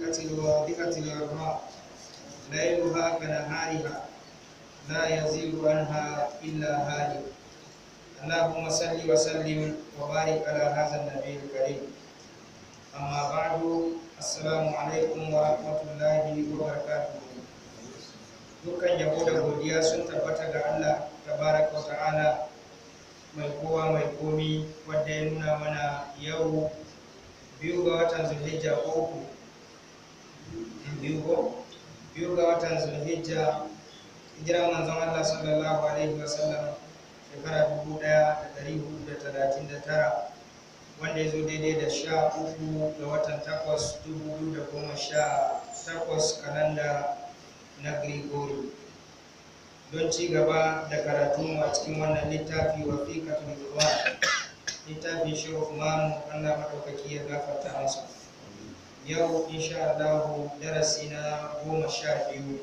الرقيقة الواضحة الغراء ليلها كنهارها لا يزيغ عنها إلا هالك اللهم صل وسلم وبارك على هذا النبي الكريم أما بعد السلام عليكم ورحمة الله وبركاته dukkan yabo da godiya sun tabbata ga Allah tabaraka wa ta'ala mai kowa mai komi wadda ya nuna mana yau biyu ga watan zulhijja ko uku biyu ko wata ga watan zulhijja hijiran manzon Allah sallallahu alaihi wasallam shekara dubu daya da dari hudu da talatin da tara wanda ya zo daidai da sha uku da watan takwas dubu biyu da goma sha takwas kalanda na gregory Don ci gaba da karatu a cikin wannan littafi wa fi katon littafin Shehuf Mamu Allah maɗaukaki ya gafarta masa. yau insha Allah darasi na goma sha biyu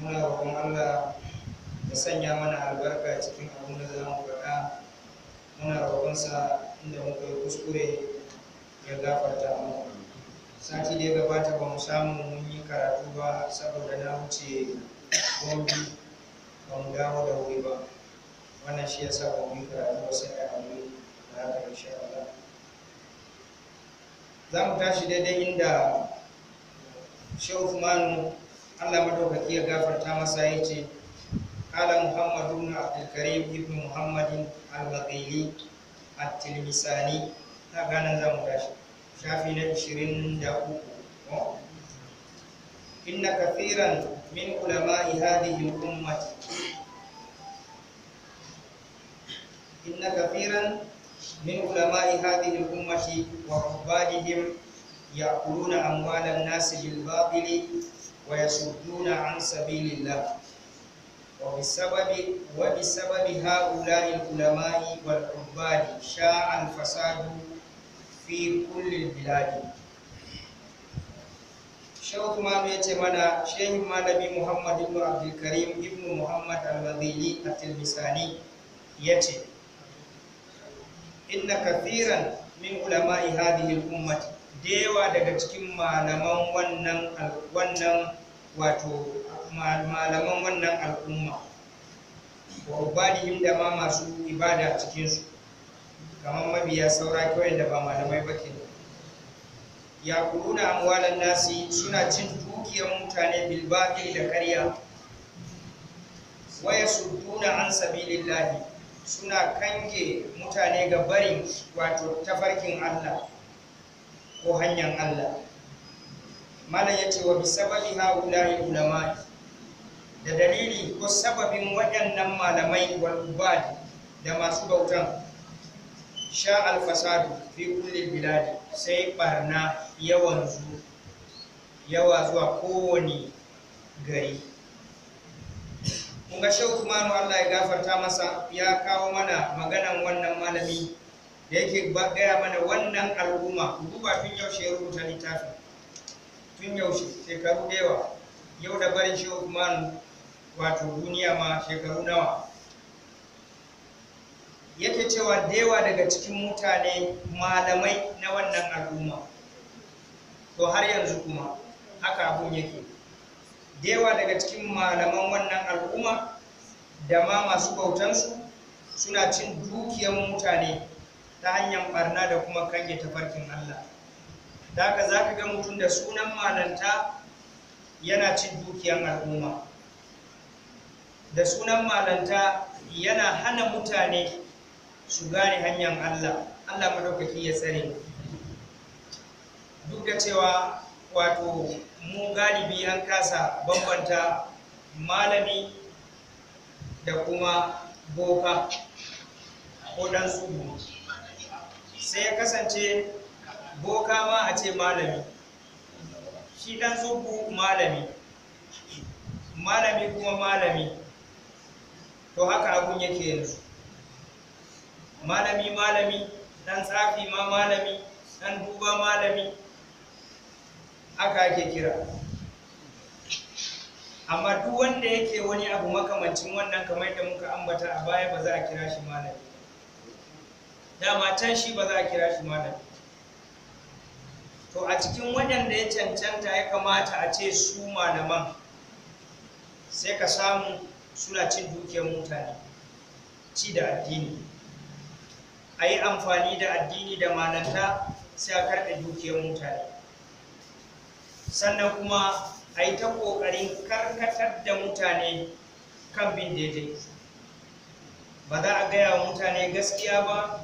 muna roƙon Allah ya sanya mana albarka cikin abin da za mu faɗa muna roƙonsa inda muka yi kuskure ya gafarta mu sati da ya gabata ba mu samu mun yi karatu ba saboda na wuce gombe ba mu dawo da wuri ba wannan shi sa ba mu yi karatu ba sai a yi da haka insha Allah za mu tashi daidai inda shehu Usmanu Allah madaukaki ya gafarta masa ya ce kala Muhammadu na Abdulkarim ibn Muhammadin al-Waqili at-Tilmisani ta ganin za mu tashi shafi na 23 inna kathiran min ulama hadhihi ummati inna kathiran من علماء هذه الأمة ورهبانهم يأكلون أموال الناس بالباطل ويصدون عن سبيل الله وبسبب وبسبب هؤلاء العلماء والعباد شاع الفساد في كل البلاد شوف ما بيت منا شيخ مالبي محمد بن عبد الكريم ابن محمد المديني التلمساني يتي inna kathiran min ulama'i hadhihi al-ummati dewa daga cikin malaman wannan wannan wato malaman wannan al'umma wa ubadihim da ma masu ibada cikin su kamar mabiya saura kawai da ba malamai ba ke ya kuruna amwalan nasi suna cin dukiyar mutane bil da karya waya tuna an sabilillahi suna kange mutane ga barin wato tafarkin Allah ko hanyar Allah ya ce wa bisababi haula'i ulama da dalili ko sababin waɗannan malamai wal da masu bautan sha alfasadu fi kullin biladi sai barna yawan yawa zuwa kowane gari mun ga shehu kumanu Allah ya gafarta masa ya kawo mana maganan wannan malami da yake gaya mana wannan al'umma duba tun yaushe ya rubuta littafin tun yaushe shekaru da yawa yau da barin shehu kumanu wato duniya ma shekaru nawa yake cewa da daga cikin mutane malamai na wannan al'umma to har yanzu kuma haka abun yake Dewa daga cikin malaman wannan al'umma da ma masu bautansu suna cin dukiyar mutane ta hanyar barna da kuma kange tafarkin Allah daga zaka za ka ga mutum da sunan malanta yana cin dukiyar al'umma da sunan malanta yana hana mutane su gane hanyar Allah Allah madaukaki ya tsare duk da cewa wato mu galibi an kasa bambanta malami da kuma boka ko dan tsuburu sai ya kasance boka ma a ce malami shi dan ku malami malami kuma malami to haka abun yake yanzu malami malami dan tsafi ma malami dan duba malami aka ake kira amma duk wanda yake wani abu makamancin wannan kamar da muka ambata a baya ba za a kira shi malami dama can shi ba za a kira shi malami to a cikin waɗanda ya cancanta ya kamata a ce su malaman sai ka samu suna cin dukiyar mutane ci da addini a yi amfani da addini da malanta sai a karɓe dukiyar mutane sannan kuma a yi ta ƙoƙarin karkatar da mutane kan bin daidai ba za a gaya wa mutane gaskiya ba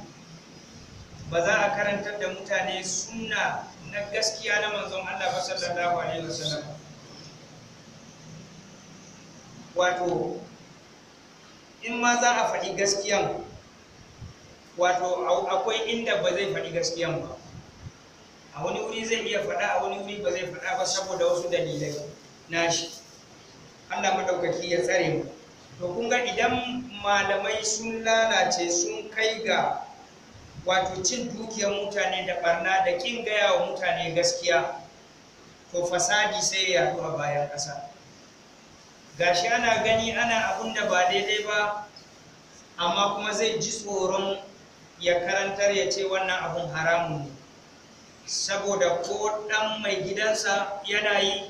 ba za a karantar da mutane suna na gaskiya na manzon Allah ba sallallahu alaihi wasallam wato in ma za a faɗi gaskiyan wato akwai inda ba zai faɗi gaskiyan ba a wani wuri zai iya faɗa a wani wuri ba zai faɗa ba saboda wasu dalilai nashi Allah madaukaki ya tsare mu to kun ga idan malamai sun lalace sun kai ga wato cin dukiyar mutane da barna da kin gaya wa mutane gaskiya to fasadi sai ya a bayan ƙasa gashi ana gani ana abun da ba daidai ba amma kuma zai ji tsoron ya karantar ya ce wannan abun haramun ne saboda ko ɗan mai gidansa yana yi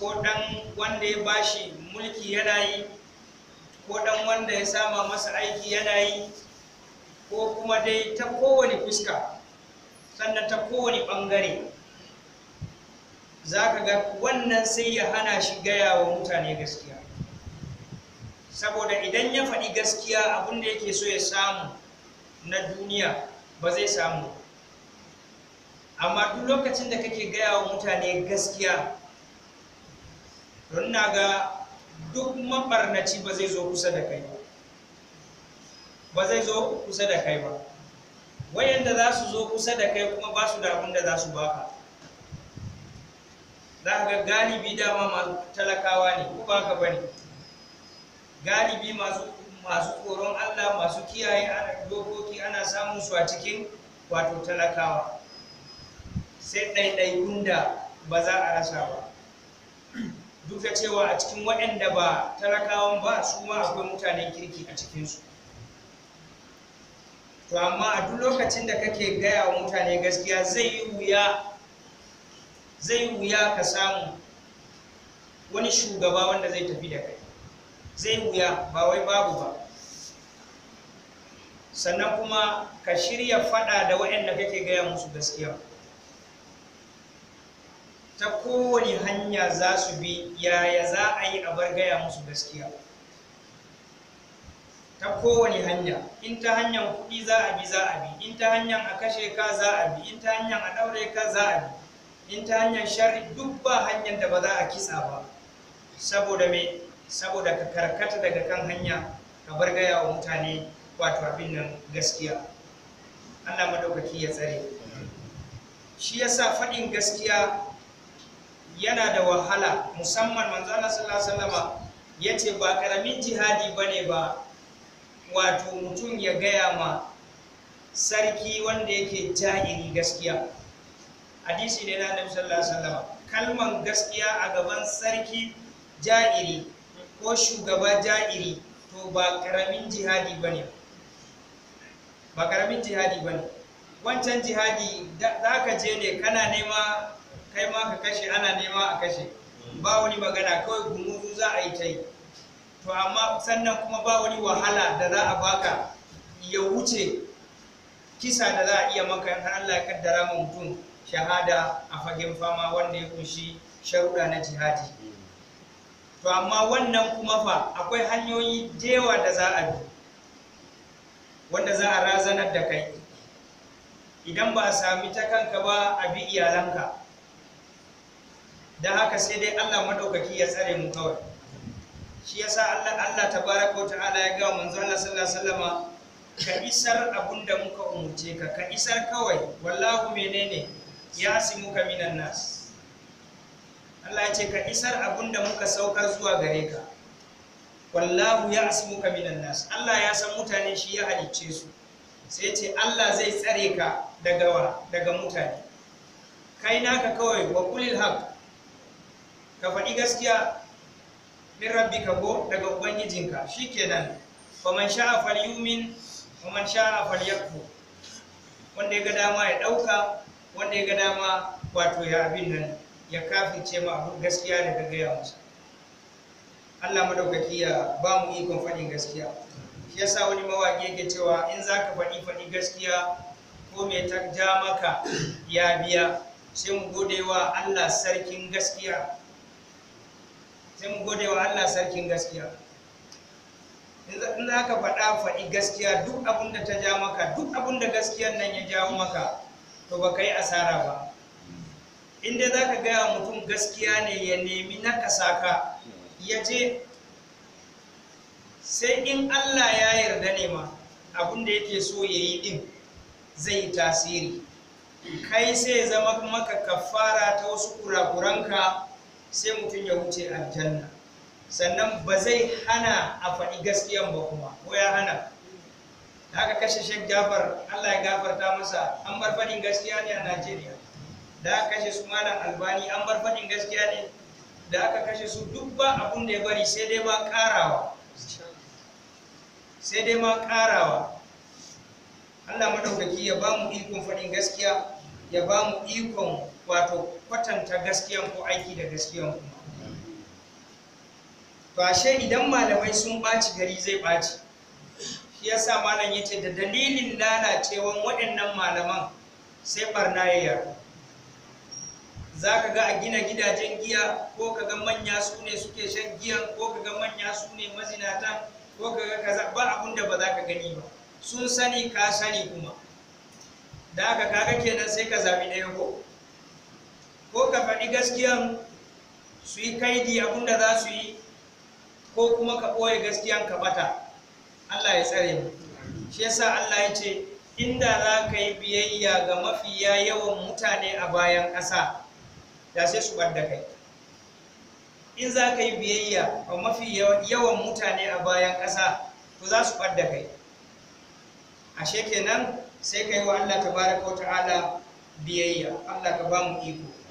ko ɗan wanda ya bashi mulki yana yi ko ɗan wanda ya sama masa aiki yana yi ko kuma dai ta koWani fuska sannan ta kowane ɓangare za ka ga wannan sai ya hana shi gaya wa mutane gaskiya saboda idan ya faɗi gaskiya abin da yake so ya samu na duniya ba zai samu ba amma duk lokacin da kake gaya wa mutane gaskiya don na ga duk mabarnaci ba zai zo kusa da kai ba zai zo kusa da kai ba wayanda za su zo kusa da kai kuma ba su da da za su baka za ka ga galibi dama masu talakawa ne ko ba ka bane galibi masu masu tsoron Allah masu kiyaye ana dokoki ana samun su a cikin wato talakawa sai ɗaiɗaikun da ba za a rasa ba duk da cewa a cikin waɗanda ba talakawan ba su ma akwai mutanen kirki a cikinsu to amma a duk lokacin da kake gaya wa mutane gaskiya zai yi wuya zai wuya ka samu wani shugaba wanda zai tafi da kai zai wuya ba wai babu ba sannan kuma ka shirya fada da waɗanda kake gaya musu gaskiya ta kowane hanya za su bi yaya za a yi a bar gaya musu gaskiya ta kowane hanya in ta hanyar kuɗi za a bi za a bi in ta hanyar a kashe ka za a bi in ta hanyar a ɗaure ka za a bi in ta hanyar shari duk ba hanyar da ba za a kisa ba saboda me saboda ka karkata daga kan hanya ka bar gaya wa mutane wato abin nan gaskiya Allah madaukaki ya tsare shi yasa faɗin gaskiya yana da wahala musamman manzala sallallahu alaihi wasallam ya ce ba karamin jihadi bane ba wato mutum ya gaya ma sarki wanda yake jahiri gaskiya hadisi ne na annabi sallallahu alaihi kalman gaskiya a gaban sarki jahiri ko shugaba jahiri to ba karamin jihadi bane ba karamin jihadi bane wancan jihadi za ka je ne kana nema kai ma ka kashe ana nema a kashe ba wani magana kawai gumuzu za a yi ta yi to amma sannan kuma ba wani wahala da za a baka ya wuce kisa da za a iya maka in Allah ya kaddara ma mutum shahada a fagen fama wanda ya kunshi sharuɗa na jihadi to amma wannan kuma fa akwai hanyoyi dewa da za a bi wanda za a razanar da kai idan ba a sami ta kanka ba a bi iyalanka don haka sai dai Allah madaukaki ya tsare mu kawai shi yasa Allah Allah tabaraka wa ta'ala ya ga manzo Allah sallallahu alaihi wasallama ka isar abunda muka umurce ka ka isar kawai wallahu menene ya muka minan nas Allah ya ce ka isar abunda muka saukar zuwa gare ka wallahu ya muka minan nas Allah ya san mutane shi ya halicce su sai ce Allah zai tsare ka daga daga mutane kai naka kawai wa kulil haqq ka faɗi gaskiya min rabbi ka ko daga ubangijinka shikenan faman sha'a falyumin man sha'a falyakfur wanda ya ga dama ya ɗauka wanda ya ga dama wato ya abin nan ya kafice ma gaskiya da ka gaya musu Allah madaukaki ya ba mu ikon faɗin gaskiya shi yasa wani mawaƙi yake cewa in za ka faɗi faɗi gaskiya ko mai ta ja maka ya biya sai mu gode wa Allah sarkin gaskiya sai mu gode wa Allah sarkin gaskiya in za ka faɗa faɗi gaskiya duk abin da ta ja maka duk abin da gaskiyar nan ya ja maka to ba ka yi asara ba inda zaka za ka gaya mutum gaskiya ne ya nemi na ka ya je sai in Allah ya yarda ne ma abin da yake so ya yi ɗin zai yi tasiri kai sai zama maka kafara ta wasu kurakuranka sai mutum ya wuce aljanna sannan ba zai hana a faɗi gaskiyan ba kuma ko ya hana da aka kashe shek jafar allah ya gafarta masa an bar faɗin gaskiya ne a najeriya da aka kashe su malam albani an bar faɗin gaskiya ne da aka kashe su duk ba abun da ya bari sai dai ma ƙarawa sai dai ma ƙarawa allah madaukaki ya ba mu ikon faɗin gaskiya ya ba mu ikon wato kwatanta gaskiyan ko aiki da gaskiyan ku to ashe idan malamai sun baci gari zai baci shi yasa malam yace da dalilin lalacewan waɗannan malaman sai barna ya yaro. za ka ga a gina gidajen giya ko ka ga manya su ne suke shan giyan ko ka ga manya su ne mazinata ko ka ga kaza ba abun da ba za ka gani ba sun sani ka sani kuma da ka kaga kenan sai ka zabi ɗaya ko ko ka faɗi gaskiyan su yi kaidi abinda za su yi ko kuma ka ɓoye gaskiyan ka bata Allah ya tsare mu shi yasa Allah ya ce inda za ka yi biyayya ga mafiya yawan mutane a bayan ƙasa da sai su ɓadda kai in za ka yi biyayya ga mafi yawan mutane a bayan ƙasa to za su ɓadda kai ashe kenan sai ka yi wa Allah baraka wa ta'ala biyayya Allah ka ba mu iko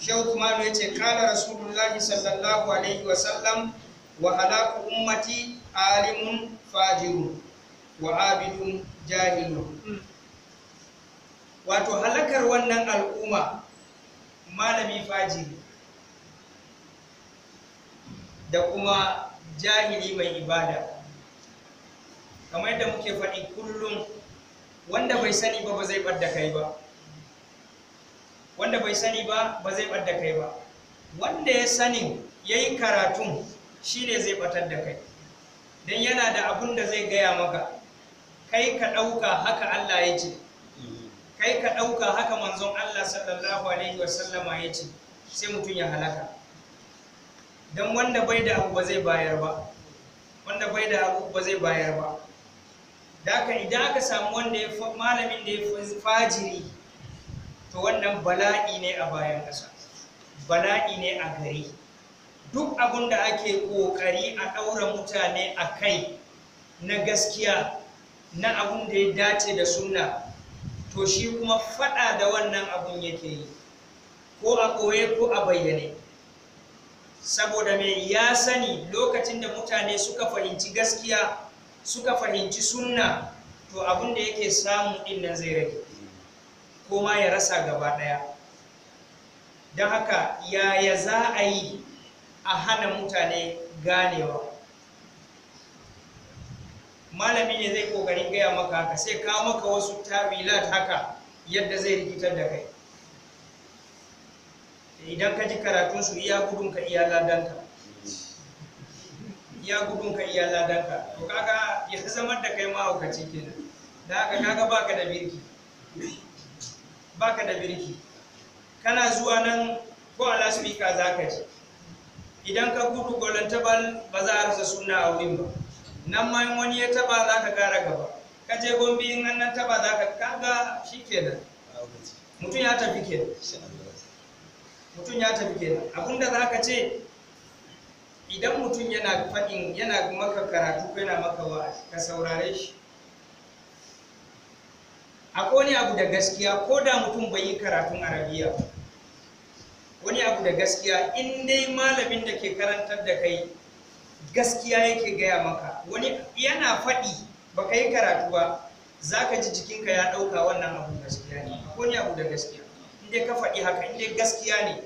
shehu usmanu ya ce kana rasulullahi sallallahu alaihi wasallam wa halaku ummati alimun fajirun wa abidun jahilun wato halakar wannan al'umma malami fajiri da kuma jahili mai ibada kamar yadda muke faɗi kullum wanda bai sani ba ba zai ɓadda kai ba wanda bai sani ba ba zai ɓar da kai ba wanda ya sani ya yi karatun shi ne zai ɓatar da kai don yana da abun da zai gaya maka kai ka ɗauka haka Allah ya ce kai ka ɗauka haka manzon Allah sallallahu alaihi wasallama ya ce sai mutum ya halaka don wanda bai da abu ba zai bayar ba wanda bai da abu ba zai bayar ba da idan aka samu wanda ya malamin da ya fajiri to wannan bala'i ne a bayan ƙasa bala'i ne a gari duk abin da ake ƙoƙari a ɗaura mutane a kai na gaskiya na abin da ya dace da sunna to shi kuma faɗa da wannan abun yake yi ko a ɓoye ko a bayyane saboda mai ya sani lokacin da mutane suka fahimci gaskiya suka fahimci sunna to abin da yake samu inna zai rage ko ma ya rasa gaba ɗaya don haka yaya za a yi a hana mutane ganewa malami ne zai kokarin gaya maka haka sai kawo maka wasu tabilat haka yadda zai rikitar da kai idan ka ji karatunsu iya ka iya ladanka iya ka iya ladanka to kaga ya zama da kai hukaci kenan da haka kaga baka da birki baka da birki kana zuwa nan ko a lasbika za ka ji idan ka gudu golan tabal ba za a rasa suna a wurin ba nan ma wani ya taba za ka gara gaba ka je gombi in nan nan taba za ka kaga shi kenan mutum ya tafi kenan mutum ya tafi kenan abinda za ka ce idan mutum yana faɗin yana maka karatu ko yana maka wa'azi ka saurare shi akwai wani abu da gaskiya ko da mutum bai yi karatun arabiya wani abu da gaskiya in dai malamin da ke karantar da kai gaskiya yake gaya maka wani yana faɗi ba ka yi karatu ba za ka ji jikinka ya ɗauka wannan abu gaskiya ne akwai wani abu da gaskiya in dai ka faɗi haka in dai gaskiya ne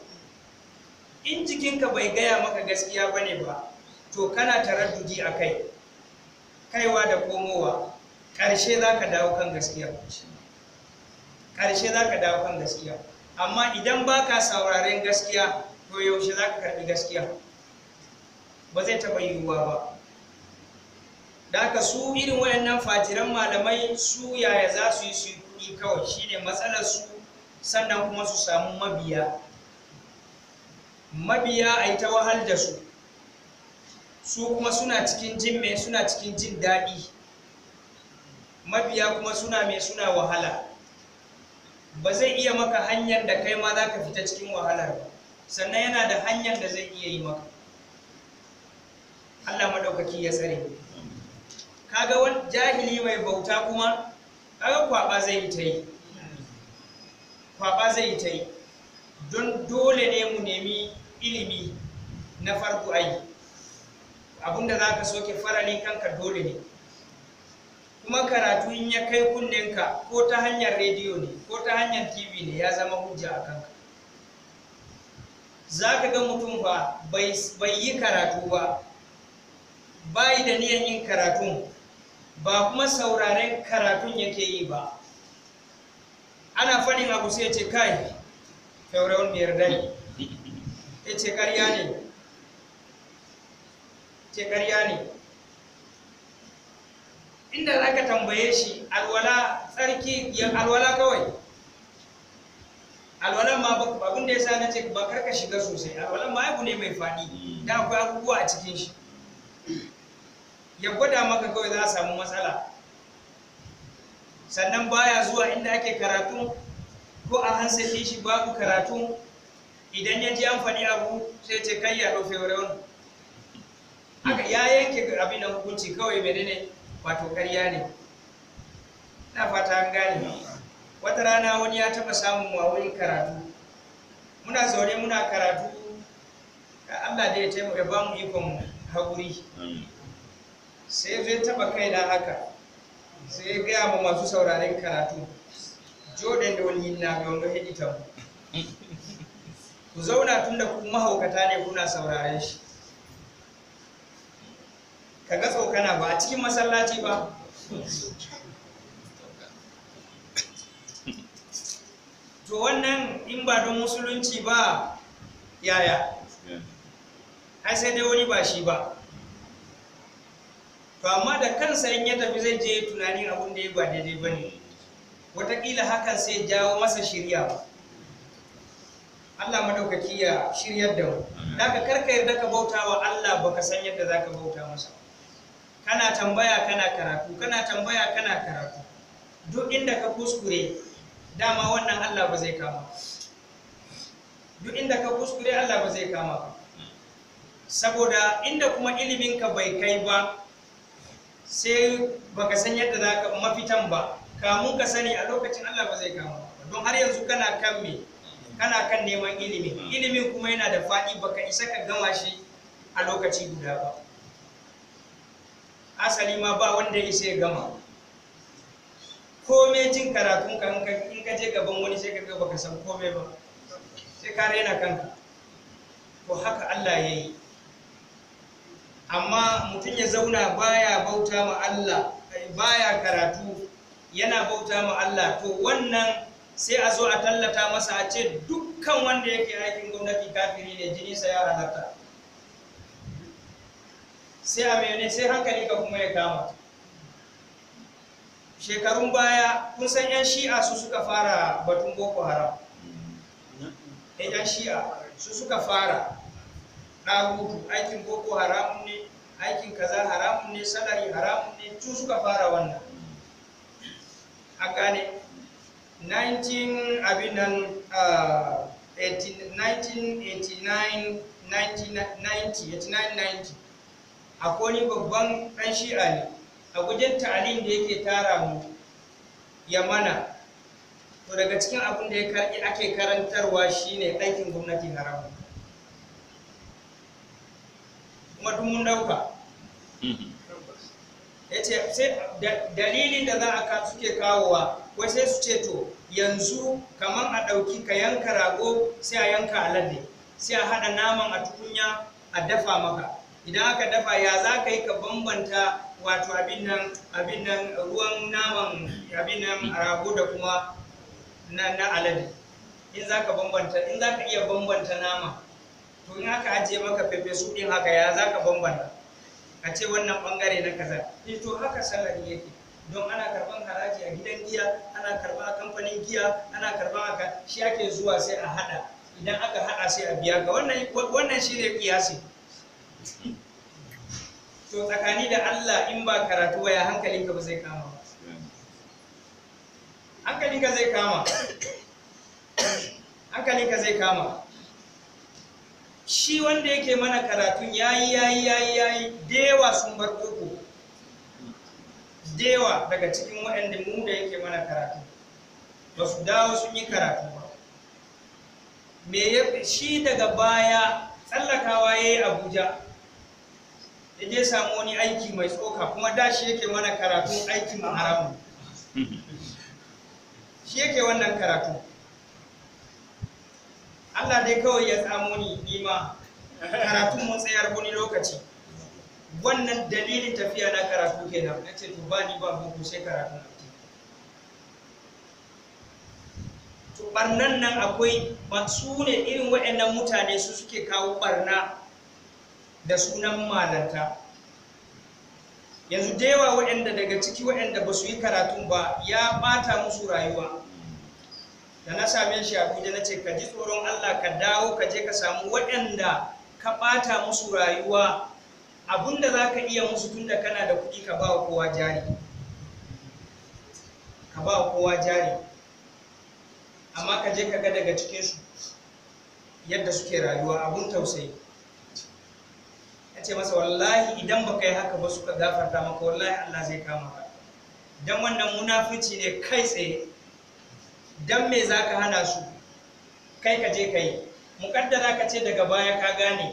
in jikinka bai gaya maka gaskiya ba ne ba to kana taraddudi a kai kaiwa da komowa ƙarshe za ka dawo kan gaskiya Karshe za ka dawo kan gaskiya amma idan ba ka sauraren gaskiya to yaushe za ka karɓi gaskiya ba zai taɓa yiwuwa ba da ka su irin wayannan fatiran malamai su yaya za su yi su yi kuɗi kawai shine matsalar su sannan kuma su samu mabiya mabiya a yi ta wahal da su su kuma suna cikin jin mai suna cikin jin daɗi mabiya kuma suna mai suna wahala ba zai iya maka hanyar da kai ma za ka fita cikin wahalar sannan yana da hanyar da zai iya yi maka Allah maɗaukaki ya tsare kaga wani jahili mai bauta kuma kaga kwaba zai yi ta yi kwaba zai yi ta don dole ne mu nemi ilimi na farko ai abinda za ka soke farali kanka dole ne kuma karatu in ya kai kunnenka ko ta hanyar rediyo ne ko ta hanyar tv ne ya zama hujja a kanka za ka ga mutum ba bai yi karatu ba yi da niyan yin karatun ba kuma sauraren karatun yake yi ba ana faɗin abu sai ce kai biyar dai ya ce karya ce ƙarya ne inda za ka tambaye shi alwala tsarki ya alwala kawai alwalan ma abin da ya sa na ce ba karka shiga sosai alwalan ma abu ne mai faɗi da akwai abubuwa a cikin shi ya gwada maka kawai za a samu matsala sannan baya zuwa inda ake karatu ko a hansa shi babu karatu idan ya ji an faɗi abu sai ce kai ya rufe wurin haka ya yanke abin da hukunci kawai menene wato ƙarya ne na fata an gane wata rana wani ya taɓa samun wa karatu muna zaune muna karatu ka Allah da ya taimaka ba mu ikon haƙuri sai zai taɓa kai na haka sai ya gaya ma masu sauraren karatu jordan da wani yin nami wanda ya ku zauna tun da kuma mahaukata ne kuna sauraren shi ka ga tsokana ba a cikin masallaci ba to wannan in ba don musulunci ba yaya ai sai dai wani ba shi ba to amma da kansa in ya tafi zai je tunanin abin da ya ba daidai ba ne watakila hakan sai jawo masa shirya Allah madaukaki ya shiryar da mu. Daga karka yarda ka bauta wa Allah baka san yadda za ka bauta masa. kana tambaya kana karatu kana tambaya kana karatu duk inda ka kuskure dama wannan Allah ba zai kama duk inda ka kuskure Allah ba zai kama ba saboda inda kuma iliminka bai kai ba sai baka san yadda za ka mafitan ba kamun ka sani a lokacin Allah ba zai kama ba don har yanzu kana kan me kana kan neman ilimi ilimin kuma yana da faɗi baka isa ka gama shi a lokaci guda ba asali ma ba wanda ya isa ya gama kome jin karatun ka in ka je gaban wani sai ka ga baka san kome ba sai ka raina kanka to haka Allah ya yi amma mutum ya zauna baya bauta ma Allah baya karatu yana bauta ma Allah to wannan sai a zo a tallata masa a ce dukkan wanda yake aikin gwamnati kafiri ne sa ya halatta sai a mene sai hankali ka kuma ya kama shekarun baya kun san yan shi'a su suka fara batun boko haram eh, yan shi'a su suka fara na rubutu aikin boko haram ne aikin kaza haram ne salari haram ne su suka fara wannan a gane 19 abin nan 1989 1990 akwai babban ɗan shi'a ne a gujin ta'alin da yake tara mu ya mana to daga cikin abin da ya ake karantarwa shine aikin gwamnati haramu kuma duk mun dauka ya ce dalilin da za a suke kawowa wai sai su ce to yanzu kamar a ɗauki ka yanka rago sai a yanka alade sai a haɗa naman a tukunya a dafa maka idan aka dafa ya za ka yi ka bambanta wato abin nan ruwan naman abin nan rago da kuma na, na alade in za ka bambanta in za ka iya bambanta nama to in aka ajiye maka fefe su din haka ya za ka bambanta ka ce wannan bangare na kaza eh to haka salari yake don ana karban haraji a gidan giya ana karba a kamfanin giya ana karba a shi ake zuwa sai a hada idan aka hada sai a biya ka wannan wannan shine kiyasi to tsakani da Allah in ba karatu ba ya hankalinka ba zai kama ba? hankalinka zai kama hankalinka zai kama shi wanda yake mana karatun yayi yayi yayi yayi dewa sun bar koko dewa daga cikin waɗanda mu da yake mana karatu ba su dawo sun yi karatu ba me shi daga baya tsallakawa ya yi abuja ya je samu wani aiki mai tsoka kuma da shi yake mana karatun aikin haramun shi yake wannan karatu Allah dai kawai ya samu ni nima karatun mun tsayar wani lokaci wannan dalilin tafiya na karatu kenan na ce to ba ni ba boko sai karatun to barnan nan akwai ba su ne irin waɗannan mutane su suke kawo barna da sunan malanta yanzu da yawa waɗanda daga ciki waɗanda ba su yi karatu ba ya ɓata musu rayuwa da na same shi abuja na ce ka ji tsoron allah ka dawo ka je ka samu waɗanda ka ɓata musu rayuwa abinda za ka iya musu tunda kana da kuɗi ka ba kowa jari ka ba kowa jari amma ka je ka ga daga cikinsu yadda suke rayuwa abun tausayi ce masa wallahi idan baka yi haka ba suka gafarta maka wallahi Allah zai kama ka dan wannan munafici ne kai tsaye dan me zaka hana su kai ka je kai mukaddara ka ce daga baya ka gane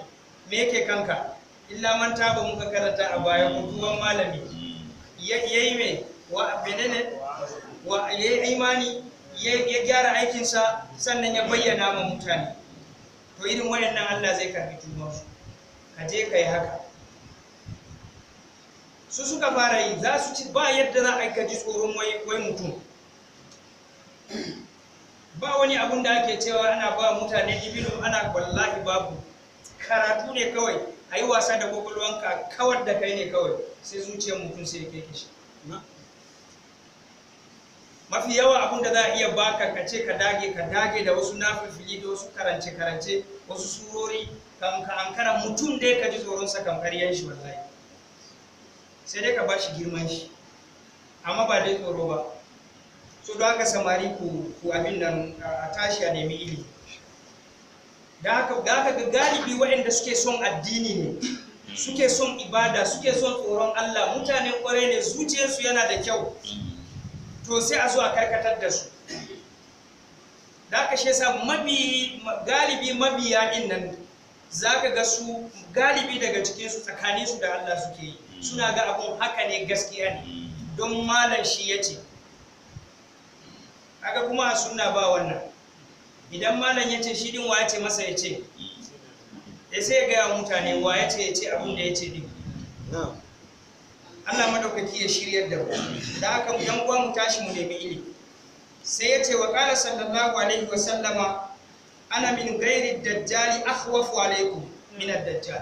me yake kanka illa man taba muka karanta a baya mutuwan malami yayi me wa benene wa yayi imani ya gyara aikinsa sannan ya bayyana ma mutane to irin wayannan Allah zai karbi tubansu Kaje je ka yi haka su suka fara yi za su ci ba yadda za a yi tsoron wai mutum ba wani abun da ake cewa ana ba mutane ibinu ana wallahi babu karatu ne kawai a yi wasa da kwakwalwanka kawar da kai ne kawai sai zuciyar mutum sai ke kishi mafi yawa abun da za a iya baka ka ce ka dage ka dage da wasu fili da wasu karance karance wasu surori kan ka ankara mutum dai ka ji tsoron sa kan ƙaryan shi wallahi sai dai ka bashi girman shi amma ba dai tsoro ba so don haka samari ku ku abin nan a tashi a nemi ilimi da haka da haka ga galibi waɗanda suke son addini ne suke son ibada suke son tsoron Allah mutane ƙwarai ne zuciyarsu yana da kyau to sai a zo a karkatar da su da aka shi yasa mabi galibi mabiya din nan za ka ga su galibi daga cikinsu tsakanin su da Allah suke yi suna ga abun haka ne gaskiya ne don malam shi ya ce haka kuma a suna ba wannan idan malam ya ce shi din wa ya ce masa ya ce ya eh, sai ya gaya mutane wa ya ce ya ce abin da ya ce din Allah madaukaki ya shiryar da mu da haka yan uwa mu tashi mu nemi ilimi sai ya ce wa qala sallallahu alaihi wa sallama ana min gairin dajjali akhwafu alaikum min ad-dajjal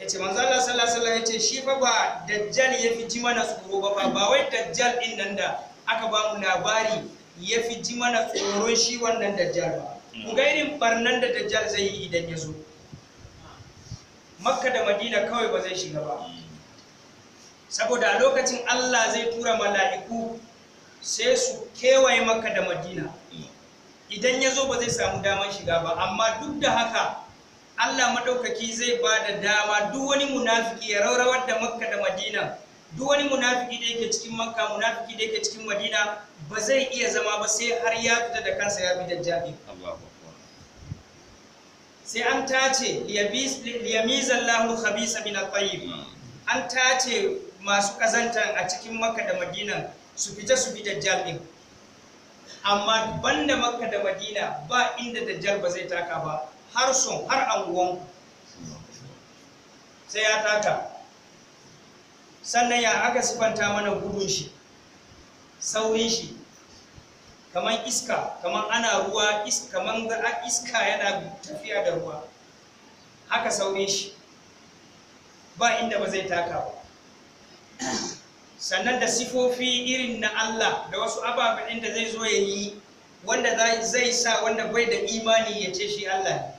yace manzo Allah sallallahu alaihi wasallam yace shi fa ba dajjal yafi ji mana tsoro ba ba ba wai dajjal din nan da aka ba mu labari yafi ji mana tsoron shi wannan dajjal ba ku gairin barnan da dajjal zai yi idan ya zo makka da madina kawai ba zai shiga ba saboda a lokacin Allah zai tura mala'iku sai su kewaye makka da madina idan ya zo ba zai samu damar shiga ba amma duk da haka Allah madaukaki zai ba da dama duk wani munafiki ya raurawar da makka da madina duk wani munafiki da yake cikin makka munafiki da yake cikin madina ba zai iya zama ba sai har ya fita da kansa ya bi dajjali sai an tace liyamiza Allahu khabisa min at-tayyib hmm. an tace masu kazantan a cikin makka da madina su fita su bi da jami'a. amma banda makka da madina ba inda dajjal ba zai taka ba har son har anguwan sai ya taka sannan ya aka sifanta mana gudun shi saurin shi kamar iska kamar ana ruwa kamar da iska yana tafiya da ruwa haka saurin shi ba inda ba zai taka ba sannan da sifofi irin na Allah da wasu ababen da zai zo ya yi wanda zai sa wanda bai da imani ya ce shi Allah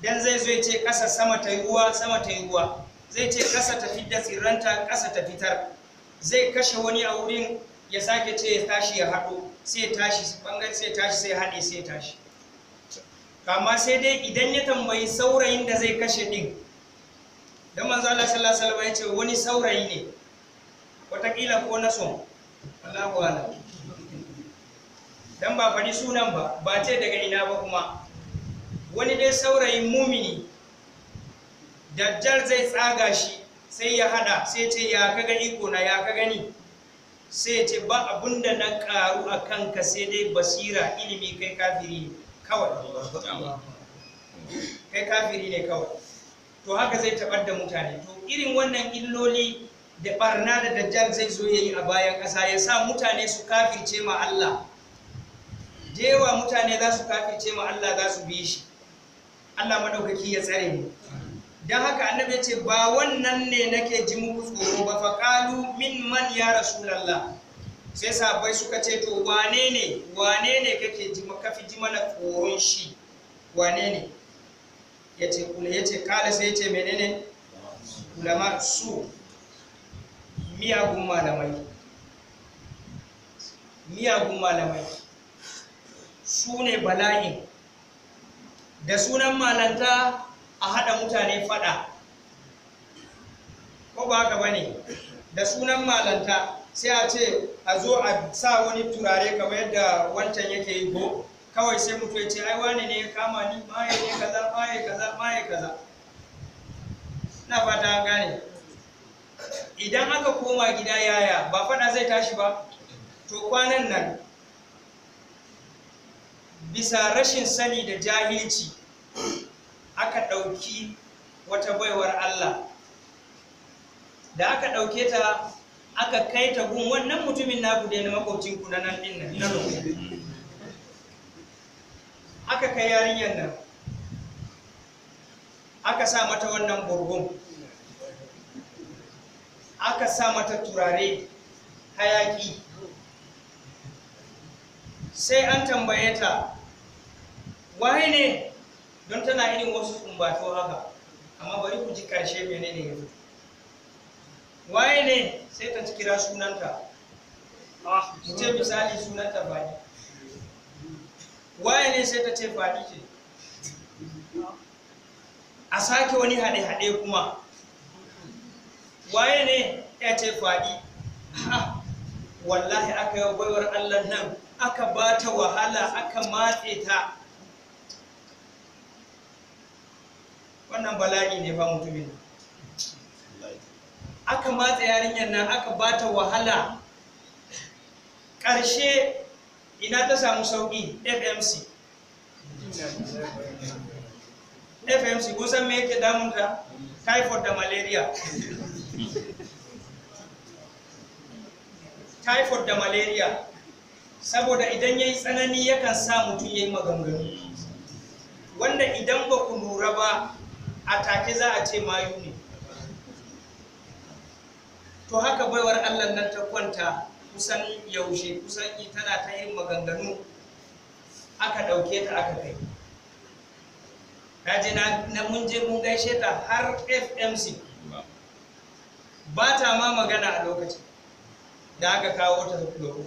dan zai zo ya ce ƙasa sama ta yi ruwa sama ta yi ruwa zai ce ƙasa ta fitar tsiranta ƙasa ta fitar zai kashe wani a wurin ya sake ce ya tashi ya haɗo sai tashi bangare sai tashi sai haɗe sai tashi amma sai dai idan ya tambayi saurayin da zai kashe ɗin don manzo Allah sallallahu alaihi wasallam ya ce wani saurayi ne Wataƙila ko na son Allahu alam dan ba faɗi sunan ba ba ce daga ina ba kuma wani dai saurayin mumini dajjal zai tsaga shi sai ya hada sai ce ya ka gani ko na ya ka gani sai ce ba abun da na ƙaru a kanka sai dai basira ilimi kai kafiri ne kawai kai kafiri ne kawai to haka zai taɓar da mutane to irin wannan illoli da barna da dajjal zai zo ya yi a bayan ƙasa ya sa mutane su kafirce ma Allah yawa mutane za su kafirce ma Allah za su bi shi Allah madaukaki ya tsare mu dan haka annabi ya ce ba wannan ne nake ji muku tsoro ba fa qalu min man ya rasulullah sai sahabbai suka ce to wane ne wane ne kake ji fi ji mana tsoron shi wane ne yace kula yace kala sai yace menene ulama su miyagun malamai miyagun malamai su ne bala'in da sunan malanta a haɗa mutane faɗa ko ba haka ba ne da sunan malanta sai a ce a zo a sa wani turare kamar yadda wancan yake yi ko kawai sai mutu ya ce ai wani ne ya kama ni maye ne kaza maye kaza maye kaza na fata gane idan aka koma gida yaya ba fada zai tashi ba to kwanan nan bisa rashin sani da jahilci aka ɗauki wata baiwar Allah da aka ɗauke ta aka kai ta gun wannan mutumin na ku na makwabcin ku na nan din nan aka kai yarinyar nan aka sa mata wannan burgun aka sa mata turare hayaki sai an tambaye ta waye ne don tana irin wasu kumbato haka amma bari ku ji ƙarshe menene ya waye ne sai ta kira sunanta ah. Ki ce misali sunanta baɗi waye ne sai ta ce baɗi ce ah. a sake wani haɗe-haɗe kuma waye ne ya ce faɗi wallahi aka yi baiwar allah nan aka ba ta wahala aka matse ta wannan bala'i ne ba mutumin aka matse yarinyar nan aka ba ta wahala ƙarshe ina ta samu sauƙi fmc fmc kun san me yake damunta typhoid da malaria typhoid da malaria saboda idan yayi tsanani yakan sa mutum yayi yi maganganu wanda idan ba ku lura ba a take za a ce mayu ne to haka baiwar allah nan ta kwanta kusan yaushe kusan tana ta yin maganganu aka ɗauke ta aka kai na je na mun je mun gaishe ta har fmc ba ta ma magana a lokacin da aka kawo ta doro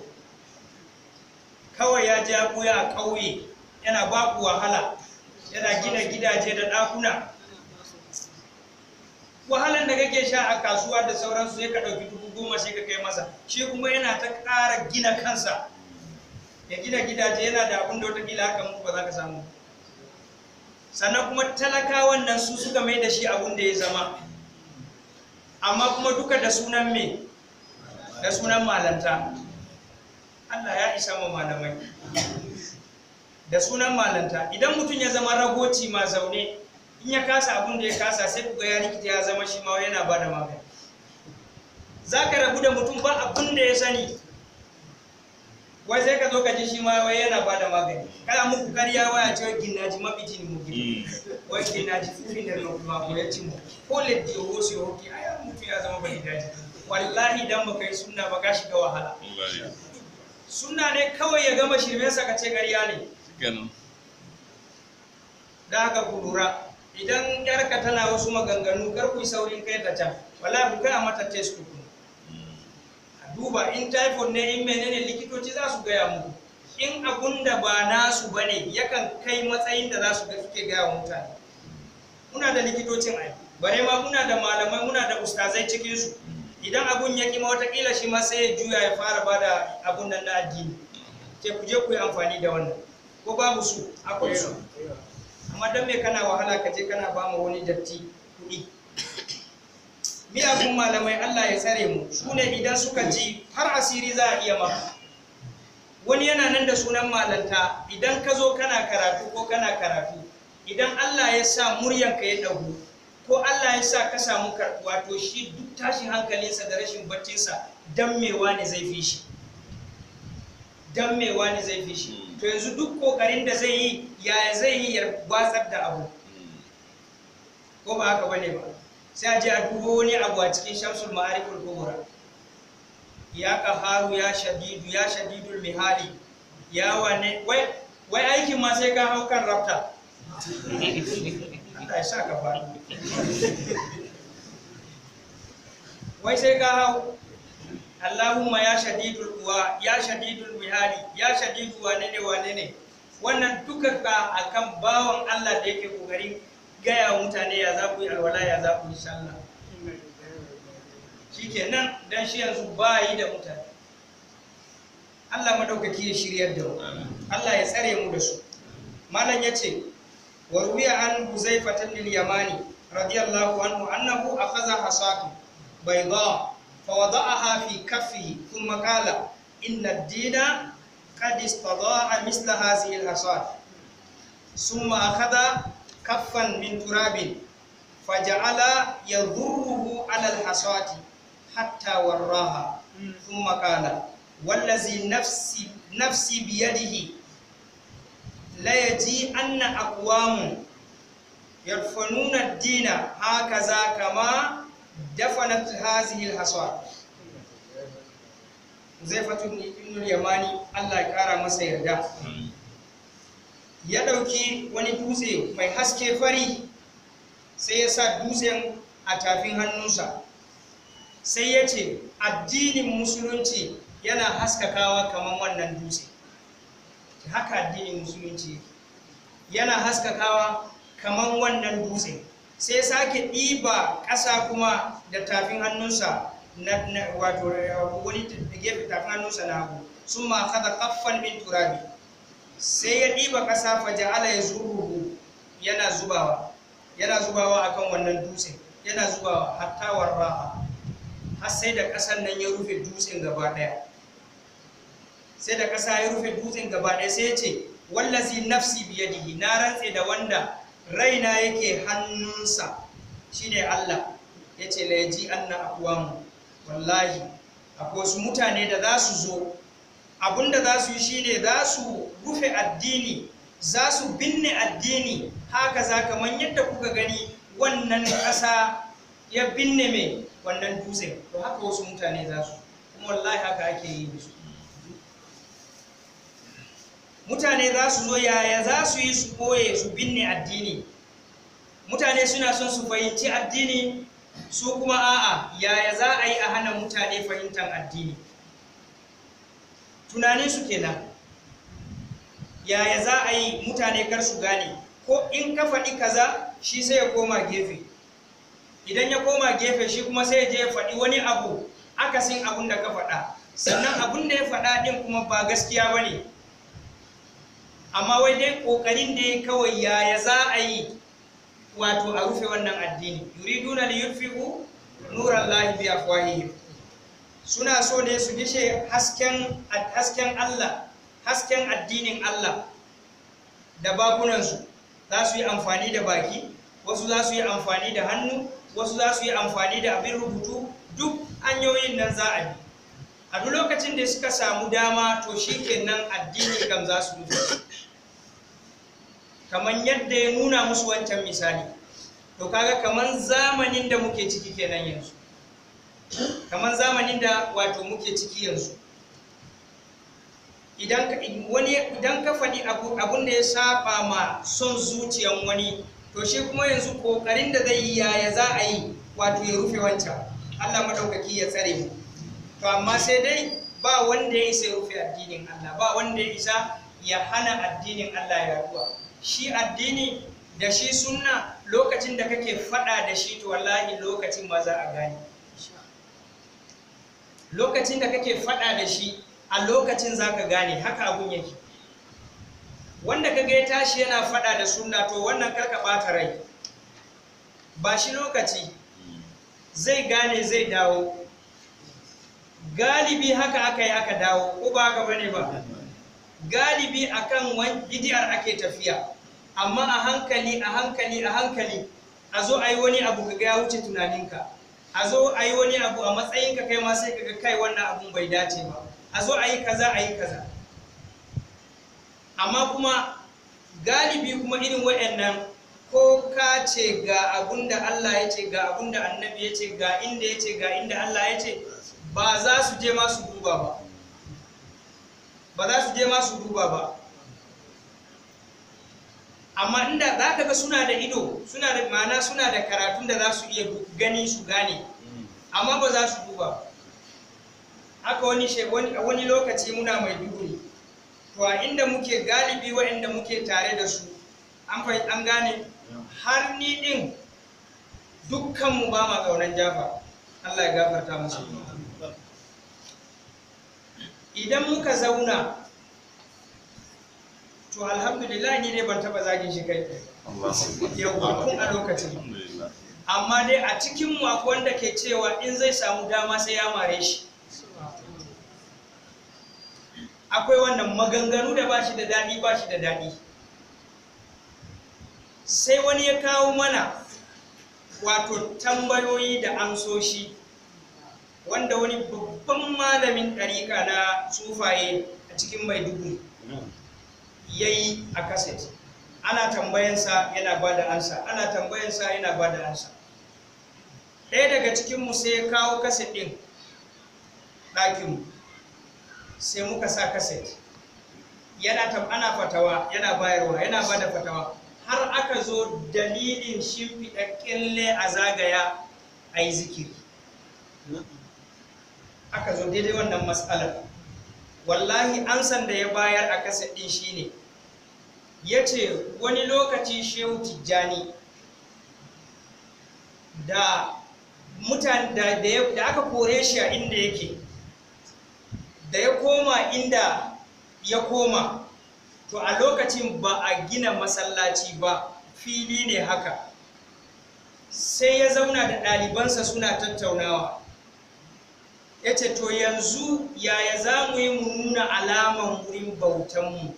kawai ya ja buya a ƙauye yana ba ku wahala yana gina gidaje da ɗakuna Wahalar da kake sha a kasuwa da sauransu sai ka ɗauki dubu goma sai ka kai masa shi kuma yana ta ƙara gina kansa ya gina gidaje yana da abin da watakila haka mu ba za ka samu sannan kuma talakawan nan su suka mai da shi abin da ya zama amma kuma duka da sunan me da sunan malanta Allah ya isa ma malamai da sunan malanta idan mutum ya zama ragoci ma zaune in ya kasa abun da ya kasa sai ku ga ya rikita ya zama shi ma yana ba da magani za ka rabu da mutum ba abun da ya sani wai sai ka zo ka ji shi ma wai yana da magani kana muku kariya waya ce ginaji mabiji ne mugi wai ginaji tsiri da ruwa ko ya ci mu ko leddi ho sai hoki aya mutu ya zama bai daji wallahi dan ba kai sunna ba ka shiga wahala sunna ne kawai ya gama shirme sa ka ce kariya ne da haka ku lura idan yarka tana wasu maganganu kar ku yi saurin kai ta can wallahi ku kai mata test ku duba in typhoid ne in menene likitoci za su gaya mu in abun da ba nasu ba ne yakan kai matsayin da za su ga suke gaya mutane muna da likitocin ai bare ma muna da malamai muna da ustazai cikin su idan abun ya kima watakila shi ma sai ya juya ya fara bada da abun nan na addini ke ku je ku yi amfani da wannan ko babu su akwai su amma dan me kana wahala ka je kana ba mu wani datti miyagun malamai Allah ya tsare mu su ne idan suka ji har asiri za a iya maka wani yana nan da sunan malanta idan ka zo kana karatu ko kana karatu idan Allah ya sa muryanka ya ɗagu ko Allah ya sa ka samu karɓuwa to shi duk tashin hankalinsa da rashin baccinsa dammewa ne zai fi shi dammewa ne zai fi shi to yanzu duk kokarin da zai yi yaya zai yi ya watsar da abu ko ba haka bane ba sai a ji a dubo wani abu a cikin shamsul ma'arifin kubura ya Haru, ya shadidu ya shadidul mihali ya wane wai aikin ma sai ka hau kan rafta ta sa ka ba wai sai ka hau Allahumma ya shadidul kuwa ya shadidul mihali ya shadidu wane ne wane ne wannan duka ka akan bawan Allah da yake kokarin gaya wa mutane ya za ku yi alwala ya za ku yi sallah shikenan dan shi yanzu ba yi da mutane Allah madaukaki ya shiryar da mu Allah ya tsare mu da su malam yace wa ruwiya an huzaifatan lil yamani radiyallahu anhu annahu akhadha hasatu bayda فوضعها في كفه ثم قال إن الدين قد a مثل هذه الحصاد ثم أخذ kaffan min turabin faja'ala yadhurruhu 'ala al-haswati hatta warraha thumma qala nafsi nafsi bi yadihi la yaji anna aqwam yadfanuna ad-dina hakaza kama dafanat hadhihi al-haswa Zai fatun ibn al-Yamani Allah ya kara masa yarda ya ɗauki wani dutse mai haske fari sai ya sa dutsen a tafin hannunsa sai ya ce addinin musulunci yana haskakawa kamar wannan dutse haka addinin musulunci yana haskakawa kamar wannan dutse sai ya sake ɗiba ƙasa kuma da tafin hannunsa na wato wani gefe tafin hannunsa na abu sun ma kada kaffan min turabi sai ya ɗiba ƙasa ala ya zuruhu yana zubawa yana zubawa akan wannan dutse yana zubawa hatta warraha har sai da ƙasan nan ya rufe dutsen gaba ɗaya sai da ƙasa ya rufe dutsen gaba ɗaya sai ya ce wallazi nafsi biyadihi na rantse da wanda raina yake hannunsa shine Allah ya ce la yaji anna aqwamu wallahi akwai wasu mutane da za su zo abinda za su yi shi ne za su rufe addini za su binne addini haka za yadda kuka gani wannan ƙasa ya binne mai wannan dutse to haka wasu mutane za su kuma wallahi haka ake yi su mutane za su zo yaya za su yi su koye su binne addini mutane suna son su fahimci addini su kuma a'a yaya za a yi a hana mutane fahimtar addini tunanin su kenan yaya za a yi mutane kar su gane ko in ka faɗi kaza shi sai ya koma gefe idan ya koma gefe shi kuma sai ya je ya faɗi wani abu akasin abun da ka faɗa sannan abun da ya faɗa ɗin kuma ba gaskiya ba ne amma wai dai ƙoƙarin da ya kawai yaya za a yi wato a rufe wannan addini -Yuri yuriduna li yutfi'u a bi afwahihim suna so ne su gishe hasken hasken Allah hasken addinin Allah da bakunansu za su yi amfani da baki wasu za su yi amfani da hannu wasu za su yi amfani da abin rubutu duk hanyoyin nan za a yi a duk lokacin da suka samu dama to shi shikenan addini kam za su mutu kamar yadda ya nuna musu wancan misali to kaga kamar zamanin da muke ciki kenan yanzu kamar zamanin da wato muke ciki yanzu idan ka faɗi abun da ya saba ma son zuciyan wani to shi kuma yanzu kokarin da zai yi yaya za a yi wato ya rufe wancan Allah maɗaukaki ya tsare mu to amma sai dai ba wanda ya isa ya rufe addinin Allah ba wanda ya isa ya hana addinin Allah ya ruwa shi addini da shi sunna lokacin da kake faɗa da shi to wallahi lokacin ma za a gane lokacin da kake faɗa da shi a lokacin za ka gane haka abun yake wanda ka ga ya tashi yana faɗa da suna to wannan karka ɓata rai ba shi lokaci zai gane zai dawo galibi haka aka yi aka dawo ko ba haka bane ba galibi akan bidiyar ake tafiya amma a hankali a hankali a hankali a zo a yi wani abu ka ga ya wuce tunaninka a zo a yi wani abu a matsayin ka kai ma sai ka ga kai wannan abun bai dace ba a zo a yi kaza a yi kaza amma kuma galibi kuma irin waɗannan ko ka ce ga abun da Allah ya ce ga abun da annabi ya ce ga inda ya ce ga inda Allah ya ce ba za su je ma ba za su je ma su duba ba amma inda za ka ga suna da ido suna da ma'ana suna da karatun da za su iya gani su gane amma ba za su duba haka wani wani lokaci muna mai ne to a inda muke galibi inda muke tare da su an an gane har ni din dukkanmu ba ma ƙaunar jafa Allah ya gafarta musu idan muka zauna to alhamdulillah ni ne ban taba zagin shi kai yawa kun a lokacin amma dai a cikin mu wanda ke cewa in zai samu dama sai ya mare shi akwai wannan maganganu da ba shi da daɗi ba da daɗi sai wani ya kawo mana wato tambayoyi da amsoshi wanda wani babban malamin ɗariƙa na tsufaye a cikin maiduguri ya yi a kaset ana tambayansa yana ba da ansa ana tambayansa yana ba da ansa ɗaya daga cikinmu sai ya kawo kaset ɗin ɗakinmu sai muka sa kaset yana ana fatawa yana bayarwa yana ba da fatawa har aka zo dalilin shimfiɗa ƙille a zagaya a yi zikiri aka zo daidai wannan matsalar wallahi ansan da ya bayar a kaset ɗin shine ne ya ce wani lokaci shehu tijjani da mutan da aka kore shi a inda yake da ya koma inda ya koma to a lokacin ba a gina masallaci ba fili ne haka sai ya zauna da ɗalibansa suna tattaunawa ya ce to yanzu yaya za mu yi mu nuna alaman wurin bautanmu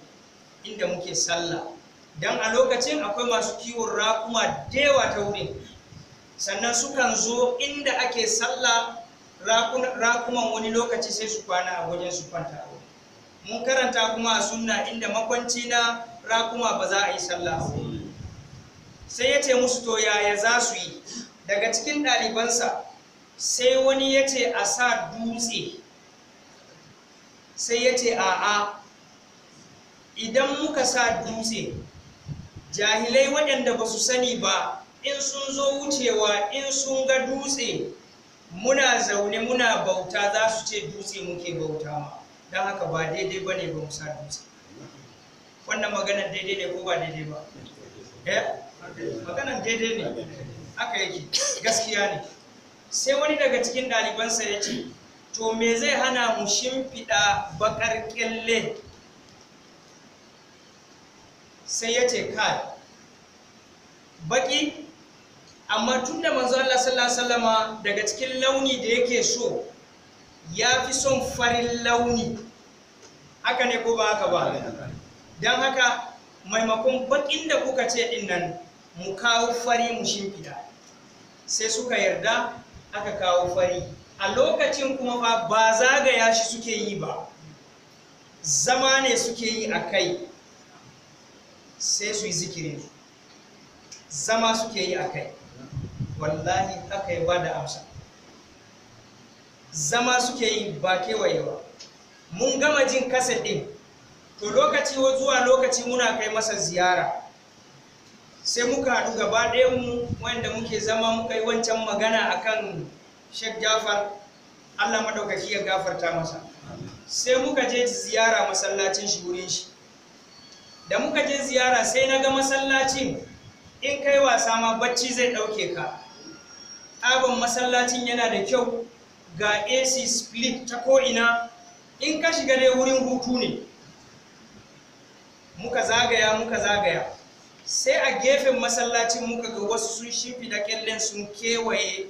inda muke sallah dan a lokacin akwai masu kiwon rakuma dewa ta wurin sannan sukan zo inda ake sallah raƙuman wani lokaci sai su kwana a wajen su kwanta mun karanta kuma a sunna inda makwanci na rakuma ba za a yi sallah a sai yace musu to yaya za su yi daga cikin ɗalibansa sai wani ya ce a sa dutse sai yace ce a'a idan muka sa dutse jahilai waɗanda ba su sani ba in sun zo wucewa in sun ga dutse muna zaune muna bauta za su ce dutse muke bauta ma don haka ba daidai ba ne ba mu sa dutse wannan maganar daidai ne ko ba daidai ba eh? maganar daidai ne aka yake gaskiya ne sai wani daga cikin ɗalibansa ya ce to me zai hana mu shimfiɗa baƙar ƙyalle sai ya ce kai baki amma tun da manzo Allah sallallahu alaihi wasallama daga cikin launi da yake so ya fi son farin launi haka ne ko ba haka ba don haka maimakon bakin da kuka ce din nan mu kawo fari mu shimfida sai suka yarda aka kawo fari a lokacin kuma ba zagaya shi suke yi ba zama ne suke yi a kai sai su yi zikiri zama suke yi a kai wallahi haka yi ba da amsa zama suke yi ba kewayewa mun gama jin kasa ɗin to lokaci zuwa lokaci muna kai masa ziyara sai muka haɗu gaba mu wanda muke zama muka yi wancan magana akan Sheikh Jafar Allah madaukaki ya gafarta masa sai muka je ziyara masallacin shi wurin shi da muka je ziyara sai na ga masallacin in kai wasa ma bacci zai ɗauke ka abin masallacin yana da kyau ga ac split ta ko'ina in ka shiga dai wurin hutu ne muka zagaya muka zagaya sai a gefen masallacin muka ga wasu sun shifi da kyallen sun kewaye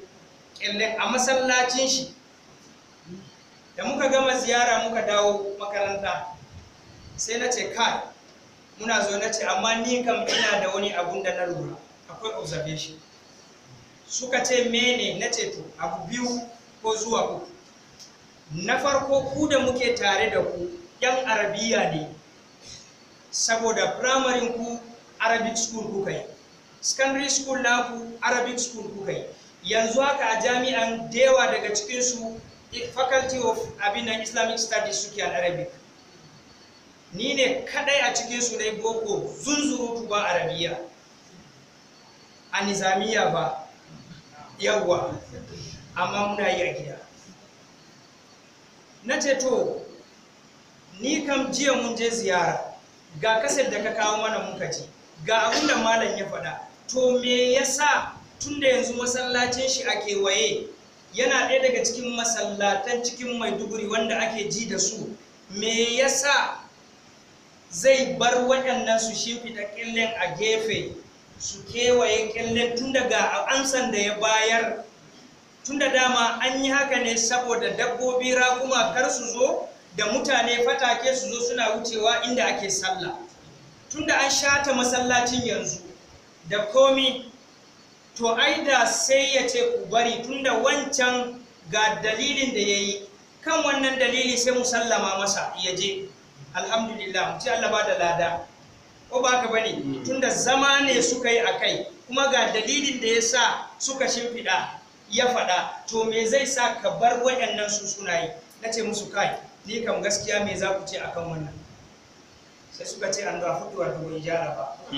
kyallen a masallacin shi da muka gama ziyara muka dawo makaranta sai na ce kai muna zo na ce amma ni kam ina da wani abun da na lura akwai observation suka ce mene na ce to abu biyu ko zuwa ku? na farko ku da muke tare da ku yan arabiya ne saboda primary ku arabic school kuka yi secondary school naku arabic school kuka yi yanzu haka a jami'an dewa daga cikinsu faculty of abin islamic studies suke an arabic ni ne kadai a cikin su ne boko zunzurutu ba arabiya a nizamiya ba yawwa amma muna yi a gida na ce to ni kam jiya mun je ziyara ga kasar da ka kawo mana muka ji ga abin da malam ya faɗa to me yasa tun da yanzu masallacin shi a kewaye yana ɗaya daga cikin masallatan cikin maiduguri wanda ake ji da su me yasa zai bar waɗannan su shimfita ƙillen a gefe su kewaye ƙillen tun daga amsan da ya bayar tun da dama an yi haka ne saboda dabbobi raguma kar su zo da mutane fatake su zo suna wucewa inda ake sallah tun da an shata masallacin yanzu da komi to ai da sai ya ce ku bari tun da wancan ga dalilin da ya yi kan wannan dalili sai mu sallama masa ya je alhamdulillah ce Allah ba da lada ko ba ka bane hmm. tunda zama ne suka yi akai kuma ga dalilin da ya sa suka shimfiɗa ya faɗa to me zai sa ka bar waɗannan su suna yi na ce musu kai ni kam gaskiya me za ku ce akan wannan sai suka ce an ga fitowa da wani jara ba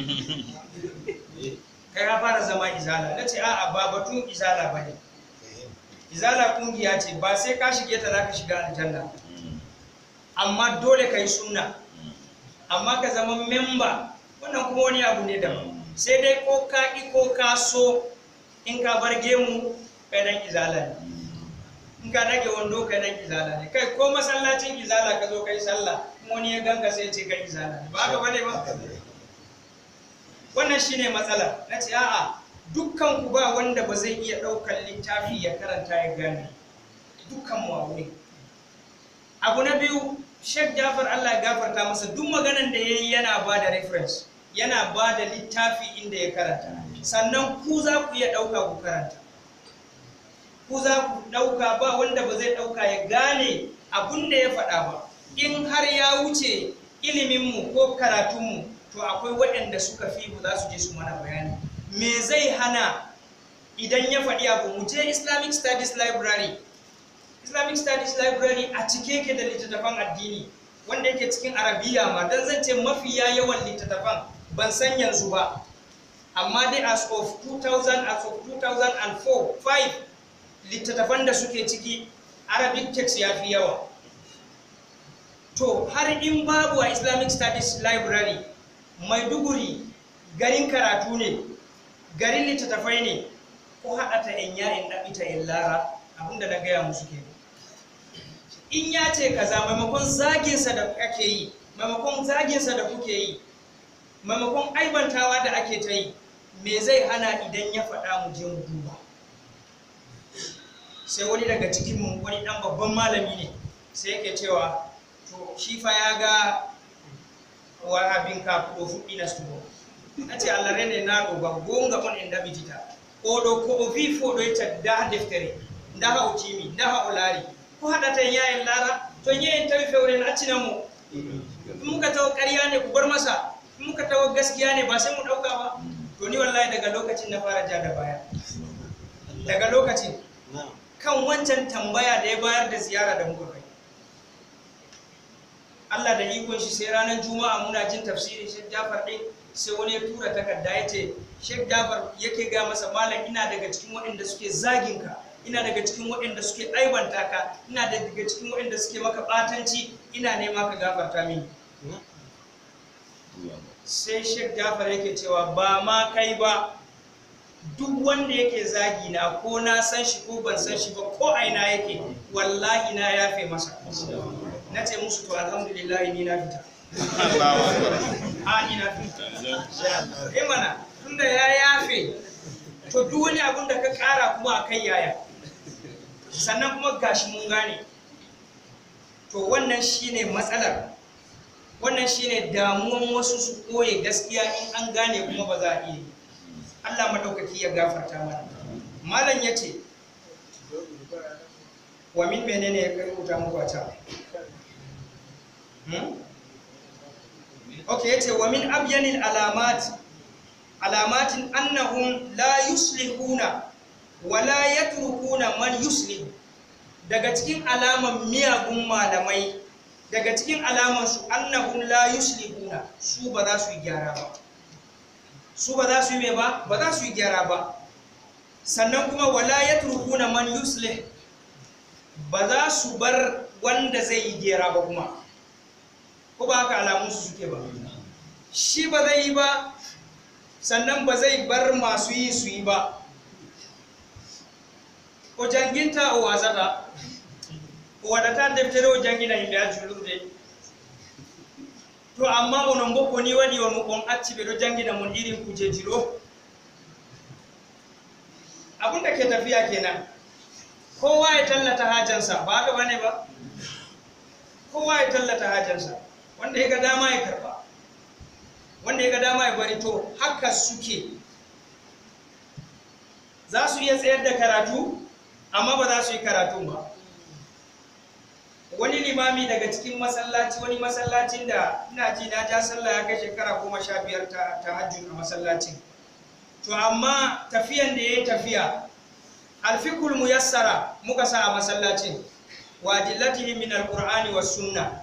kai ya fara zama izala na ce a'a ba batun izala bane. Eh. izala kungiya ce ba sai ka shige ta za ka shiga aljanna amma dole ka yi sunna amma ka zama memba wannan kuma wani abu ne daban mm. sai dai ko ka ki ko ka so in ka bar gemu kai dan izala ne mm. in ka rage wando kai dan izala ne kai ko masallacin izala ka zo kai sallah kuma wani ya ganka sai ce kai izala ne ba ka bane ba wannan shine matsala na ce a'a dukkan ku ba wanda ba zai iya ɗaukar littafi ya karanta ya gane dukkan mu a ne abu na biyu Sheikh Jafar Allah ya gafarta masa duk maganan da yayi yana ba da reference yana ba da littafi inda ya karanta sannan ku za ku iya ɗauka ku karanta ku za ku ɗauka ba wanda ba zai ɗauka ya gane abun da ya faɗa ba in har ya wuce iliminmu ko karatunmu to akwai waɗanda suka fi mu za su je su mana bayani me zai hana idan ya faɗi abu mu je islamic studies library islamic studies library a cike yake da littattafan addini wanda yake cikin arabiya ma dan zan ce mafi yawan littattafan ban san yanzu ba amma dai as of 2000 as of 2004 5 littattafan da suke ciki arabic text ya fi yawa to har in babu a islamic studies library maiduguri garin karatu ne garin littattafai ne ko haɗa ta yan yayin ɗaɓi ta yan lara abinda na gaya musu kenan in ya ce kaza maimakon zaginsa da ake yi maimakon zaginsa da kuke yi maimakon aibantawa da ake ta yi me zai hana idan ya faɗa mu je mu duba sai wani daga cikin mu wani dan babban malami ne sai yake cewa to shi fa ya ga wa abin ka ko fudi na su ce allah rene na ba gonga on en ɗaɓitita oɗo ko o wi fo ɗoyta da deftere da ha o timi nda ko haɗatan yayin lara to yayin tawi fewre na accinan mu muka tawo ƙarya ne ku bar masa muka tawo gaskiya ne ba sai mu ɗauka ba to ni wallahi daga lokacin na fara ja da baya daga lokacin kan wancan tambaya da ya bayar da ziyara da muka kai Allah da ikon shi sai ranar juma'a muna jin tafsirin Sheikh Jafar din sai wani ya tura takarda ya ce Sheikh Jafar yake ga masa malam ina daga cikin waɗanda suke zagin ka ina daga cikin waɗanda suke aibanta ka ina daga cikin waɗanda suke maka batanci ina nema ka gafarta mini sai shek jafar yake cewa ba ma kai ba duk wanda yake zagi na ko na san shi ko ban san shi ba ko aina yake wallahi na yafe masa na ce musu to alhamdulillah ni na fita a ni na fita eh mana tunda ya yafe to duk wani abin da ka kara kuma kai yaya sannan kuma gashi mun gane to wannan shine matsalar wannan shine damuwan wasu su koye gaskiya in an gane kuma ba za a iya Allah madaukaki ya gafarta mana malam yace wa min menene ya kai wuta mu ta hmm? okay yace wa min abyanil alamat alamatin annahum la yuslihuna wala yatrukuna man yuslim daga cikin alaman miyagun malamai daga cikin alaman su annahum la yuslihuna su ba za su yi gyara ba su ba za su yi ba ba za su yi gyara ba sannan kuma wala yatrukuna man yuslih ba za su bar wanda zai yi gyara ba kuma ko ba haka alamun su suke ba shi ba zai yi ba sannan ba zai bar masu yi su yi ba o janginta o wasata o waɗata deftere o jangina yimɓe ha julurde to amma onon bo koni waɗi on on acci ɓe ɗo jangina mon irin kujeji ɗo abunda ke tafiya kenan kowa ya tallata hajansa ba haka bane ba kowa ya tallata hajansa wanda ya ga dama ya karba wanda ya ga dama ya bari to haka suke za su iya tsayar da karatu amma ba za su yi karatun ba wani limami daga cikin masallaci wani masallacin da ina ji na ja sallah ya kai shekara goma sha biyar ta tahajjud a masallacin to amma tafiyan da ya yi tafiya alfikul muyassara muka sa a masallacin wa dillatihi min alqur'ani was sunna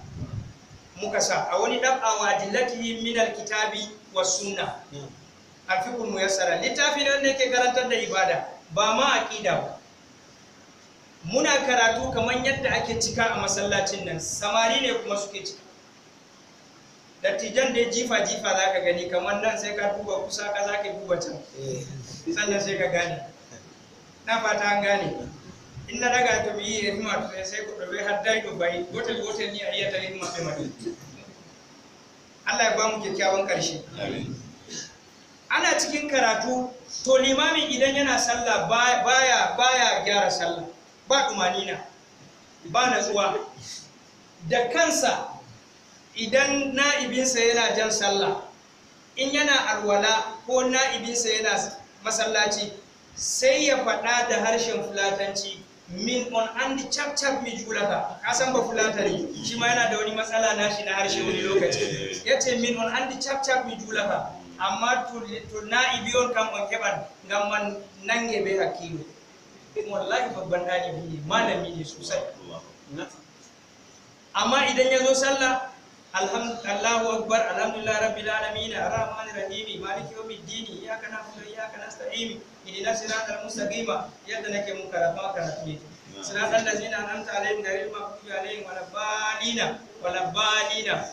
muka sa a wani dab'a wa dillatihi min alkitabi was sunna hmm. alfikul muyassara littafi ne ke yake karantar da ibada ba ma aqida ba muna karatu kamar yadda ake cika a masallacin nan samari ne kuma suke cika dattijan ya jifa-jifa za ka gani kamar nan sai ka duba kusa ka za ka duba can eh. sannan sai ka gane na fata an gane in na daga ta biyi hikima ta sai ku dabe har dai to bai gotel gotel ni iya ta hikima ta mai Allah ya ba mu kyakkyawan karshe ana cikin karatu to limamin idan yana sallah baya baya gyara sallah ba na ba natsuwa da kansa idan na'ibinsa yana jan sallah in yana alwala ko na'ibinsa yana masallaci sai ya faɗa da harshen fulatanci min on an di chap mi julaka kasan ba fulatari shi ma yana da wani matsala nashi na harshe wani lokaci yace min on an di chap mi julaka amma to na'ibi on kam on keban ngam man nange be hakkilo wallahi babban ɗalibi ne malami ne sosai amma idan ya zo sallah Allahu akbar alhamdulillah rabbil na arrahman rahimi, maliki yawmiddin iyyaka na'budu wa iyyaka nasta'in ihdinas siratal mustaqim yadda nake mun karatu karatu ne siratal ladzina an'amta alaihim ghayril maghdubi alaihim waladdallin waladdallin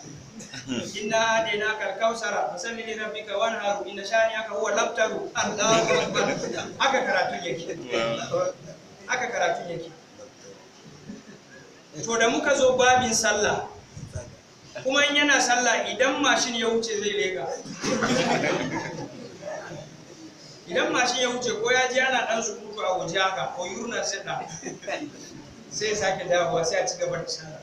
inna hadina kal kausara fasalli li rabbika haru inna shani'aka huwa labtaru Allahu akbar aka karatu yake haka karatu yake to da muka zo babin sallah kuma in yana sallah idan mashin ya wuce zai leka idan mashin ya wuce ko ya ji ana dan surutu a waje haka ko yurna sai sai sake dawowa sai a ci gaba da sallah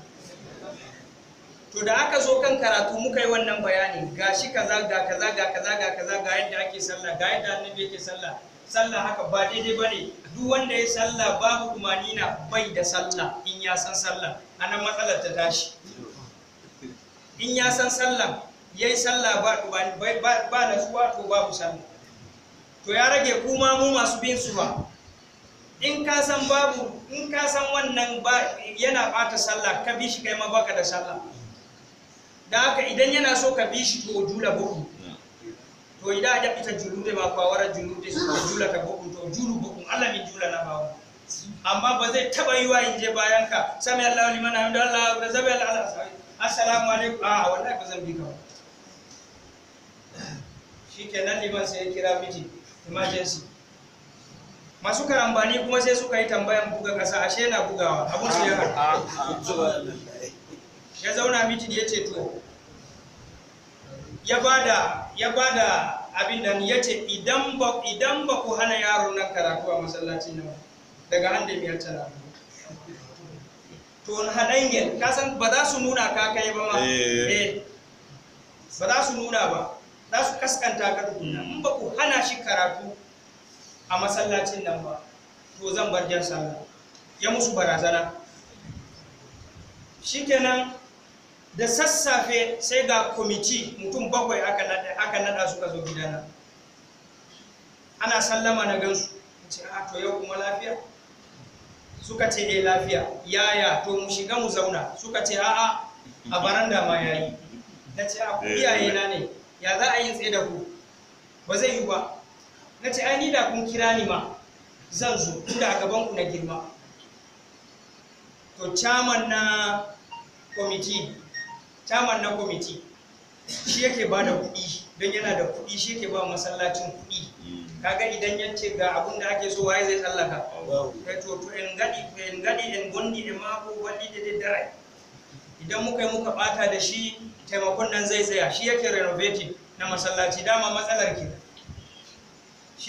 to da aka zo kan karatu muka yi wannan bayani ga shi kaza ga kaza ga kaza ga kaza ga yadda ake sallah ga yadda annabi yake sallah sallah haka ba daidai ba ne duk wanda ya sallah babu kumanina bai da sallah in ya san sallah anan matsalar ta tashi in ya san sallah ya yi sallah ba kumani ba zuwa to babu sallah to ya rage kuma mu masu bin su ba in ka san babu in ka san wannan ba yana bata sallah ka bi shi kai ma baka da sallah da haka idan yana so ka bi shi to jula bukun to idan aja fita julude ma kwa wara julude su jula ka bukun to julu bukun Allah min jula na bawo amma ba zai taba yi wa in je bayan ka sami Allah mana da Allah da zabi Allah assalamu alaikum ah wallahi ba zan bi ka shikenan liman sai kira miji emergency masu karambani kuma sai suka yi tambayan buga kasa ashe na bugawa abun su ya haɗu ya zauna da ya ce to ya bada ya bada abin da ya ce idan ba idan ba ku hana yaron nan karatu a masallacin nan daga hande ya tana to gel ka san ba za su nuna ka kai ba ma eh. eh ba za su nuna ba za su kaskanta ka tukunna in ba ku hana shi karatu a masallacin nan ba to zan bar jan sallah ya musu barazana shikenan da sassafe sai ga kwamiti mutum bakwai aka nada suka zo gidana ana sallama na gansu ce a ah, to yau kuma lafiya suka ce eh lafiya yaya to mu shiga mu zauna suka ce a'a a baranda ma yayi na ce a ah, ku eh, iyaye eh. na ne ya za a yi tsaye da ku ba zai yi ba na ce ai ni da kun kira ni ma zan zo tunda a gaban ku na girma to chairman na kwamiti chairman na committee shi yake ba da kuɗi don yana da kuɗi shi yake ba masallacin kuɗi hmm. kaga idan ya ce ga abin da ake so wai zai tsallaka kai to to en gadi en gadi en gondi e mako wani da da dare idan muka yi muka bata da shi taimakon nan zai tsaya shi yake renovating na masallaci dama matsalar shi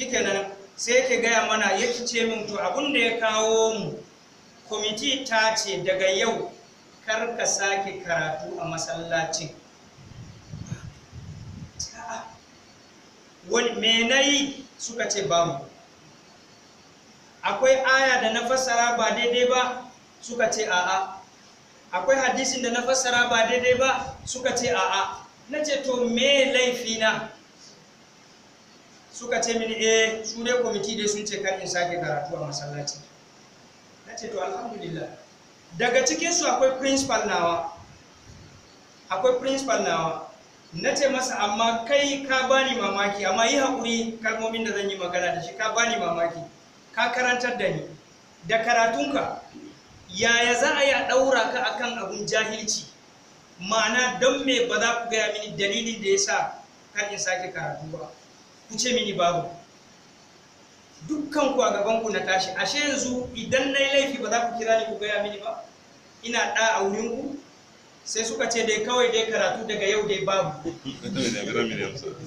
shikenan sai yake gaya mana yake ce min to abin da ya kawo mu kwamiti ta ce daga yau kar ka sake karatu a masallacin wani menayi suka ce babu akwai aya da na fassara ba daidai ba suka ce a'a akwai hadisin da na fassara ba daidai ba suka ce a'a na ce to me laifina suka ce mini eh su dai kwamiti dai sun ce kan in sake karatu a masallaci na ce to alhamdulillah daga cikinsu akwai principal nawa akwai principal nawa na ce masa amma kai ka bani mamaki amma yi haƙuri kalmomin da zan yi magana da shi ka bani mamaki ka karantar da ni da karatunka yaya za a yi a ɗaura ka akan abin jahilci ma'ana don me ba za ku gaya mini dalilin da ya sa kan in sake karatu ba ku ce mini babu dukkan a gaban na tashi ashe yanzu idan nayi laifi ba za ku kira ni ku gaya mini ba ina da a wurin ku sai suka ce dai kawai dai karatu daga yau dai babu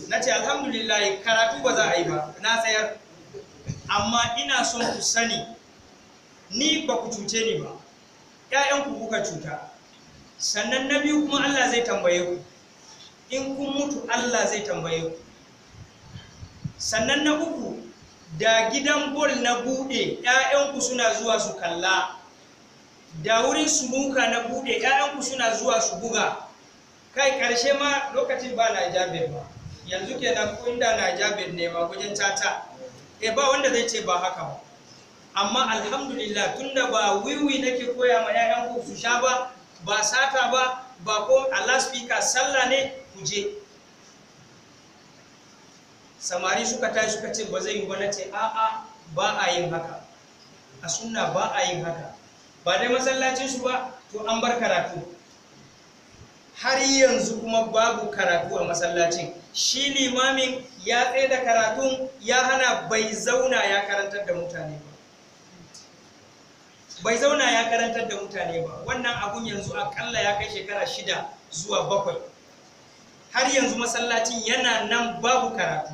na ce alhamdulillah karatu ba za a yi ba na tsayar amma ina son ku sani ni ba ku cuce ni ba ‘ya'yanku kuka cuta sannan na biyu kuma Allah zai tambaye ku in kun mutu Allah zai tambaye ku sannan na uku da gidan bol na buɗe 'ya'yanku suna zuwa su kalla da wurin su muka na buɗe 'ya'yanku suna zuwa su buga kai karshe ma lokacin ba Niger ba yanzu kenan ko inda Niger ne ma wajen tata e ba wanda zai ce ba haka ba amma alhamdulillah tunda ba wiwi nake koya ma 'ya'yanku su sha ba ba sata ba ba ko a speaker sallah ne ku je samari suka tashi suka ce ba zai yi ba na ce a'a ba a yin haka a suna ba a yin haka ba dai masallacin su ba to an bar karatu har yanzu kuma babu karatu a masallacin shi limamin ya tsaye da karatun ya hana bai zauna ya karantar da mutane ba bai zauna ya karantar da mutane ba wannan abun yanzu akalla ya kai shekara shida zuwa bakwai har yanzu masallacin yana nan babu karatu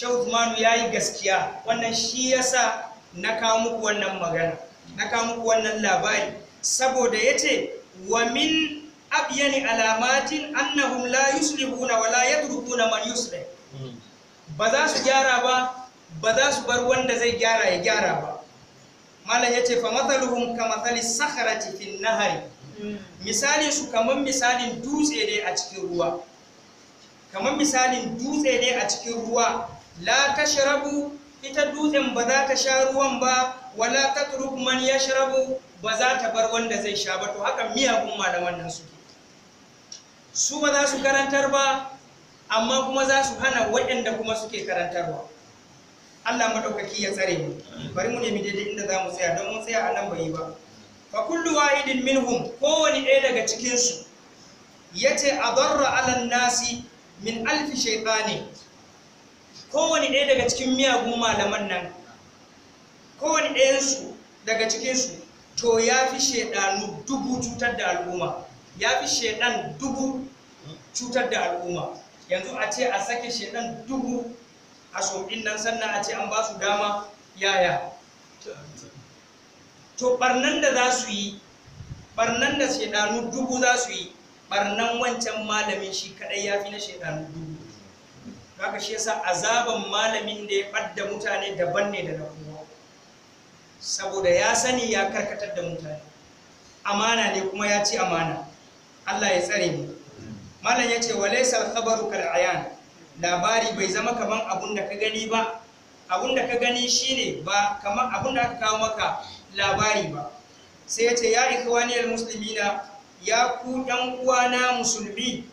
Shaukumanu ya yi gaskiya wannan shi yasa na kawo muku wannan magana na kawo muku wannan labari saboda ya ce wa min abyani alamatin annahum la yuslihuna wa la yatrukuna man yuslih ba za su gyara ba ba za su bar wanda zai gyara ya gyara ba malam ya ce fa mathaluhum ka mathali sakharati cikin nahari misalin su kamar misalin dutse ne a cikin ruwa kamar misalin dutse ne a cikin ruwa la tashrabu ita dutsen ba za ta sha ruwan ba wala tatruk man yashrabu ba za ta bar wanda zai sha ba to haka miyagun malaman nan su su ba za su karantar ba amma kuma za su hana waɗanda kuma suke karantarwa Allah madaukaki ya tsare mu bari mu nemi daidai inda za mu tsaya don mun tsaya a nan bai ba fa kullu wahidin minhum kowani ɗaya daga cikin su yace adarra alan nasi min alfi shaytani kowane ɗaya daga cikin miyagun malaman nan kowane ɗayansu daga cikinsu to ya fi shaidanu dubu cutar da al'umma ya fi shaidan dubu cutar da al'umma yanzu a ce a sake shaidan dubu a soɓin nan sannan a ce an ba su dama yaya to barnan da za su yi barnan da shaidanu dubu za su yi barnan wancan malamin shi kadai ya fi na shaidanu dubu kaga shi yasa azaban malamin da ya ɓadda mutane daban ne da na kuma saboda ya sani ya karkatar da mutane amana ne kuma ya ci amana Allah ya tsare mu malam yace al khabaru kal ayan labari bai zama kaman abun da ka gani ba abun da ka gani shine ba kaman abun da aka kawo maka labari ba sai yace ya ikhwaniyal muslimina ya ku dan uwana musulmi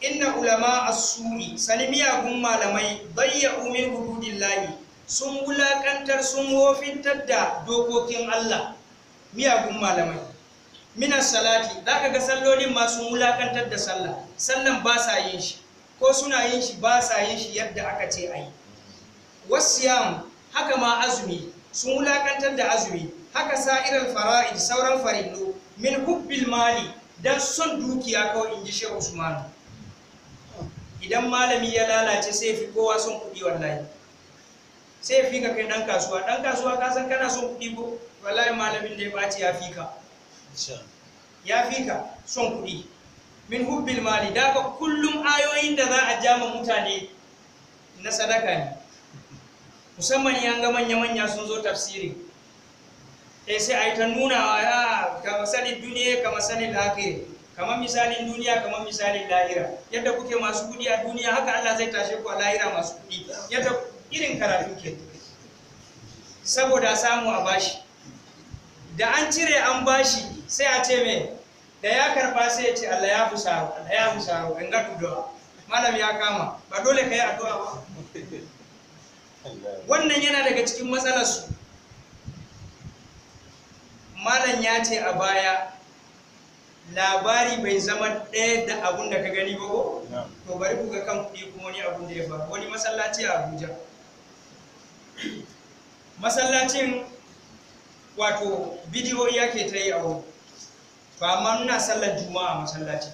inna ulama as-su'i sani miyagun malamai bayya min hududillahi sun wulakantar sun wofintar da dokokin Allah miyagun malamai minas salati zaka ga sallolin ma sun wulakantar da sallah sallan ba sa yin shi ko suna yin shi ba sa yin shi yadda aka ce ai wasiyam haka ma azumi sun wulakantar da azumi haka sa'irar fara'id sauran farillo min hubbil mali dan son dukiya kawai in ji shehu usmanu idan malami ya lalace sai fi kowa son kuɗi wallahi sai fi ka kai ɗan kasuwa ɗan kasuwa ka san kana son kuɗi ko wallahi malamin da ya ɓaci ya fi ka ya fi ka son kuɗi min hubbil mali da ka kullum ayoyin da za a jama mutane na sadaka ne musamman yan ga manya-manya sun zo tafsiri eh, sai a yi ta nuna wa ya ah, kama sanin duniya kama sanin akiri kamar misalin duniya kamar misalin lahira yadda kuke masu kudi a duniya haka Allah zai tashe ku a lahira masu kudi yadda irin karatu ke saboda samu a bashi da an cire an bashi sai a ce me da ya karba sai ya ce Allah ya fusa Allah ya fusa in ga dudawa malam ya kama ba dole ka yi addu'a ba wannan yana daga cikin matsalarsu malam ya ce a baya labari bai zama ɗaya da abun da ka gani ba ko to bari ku ga kan kuɗi kuma wani abun da ya faru wani masallaci a Abuja masallacin wato ya yake ta yi a wuri ba amma muna sallar juma'a masallaci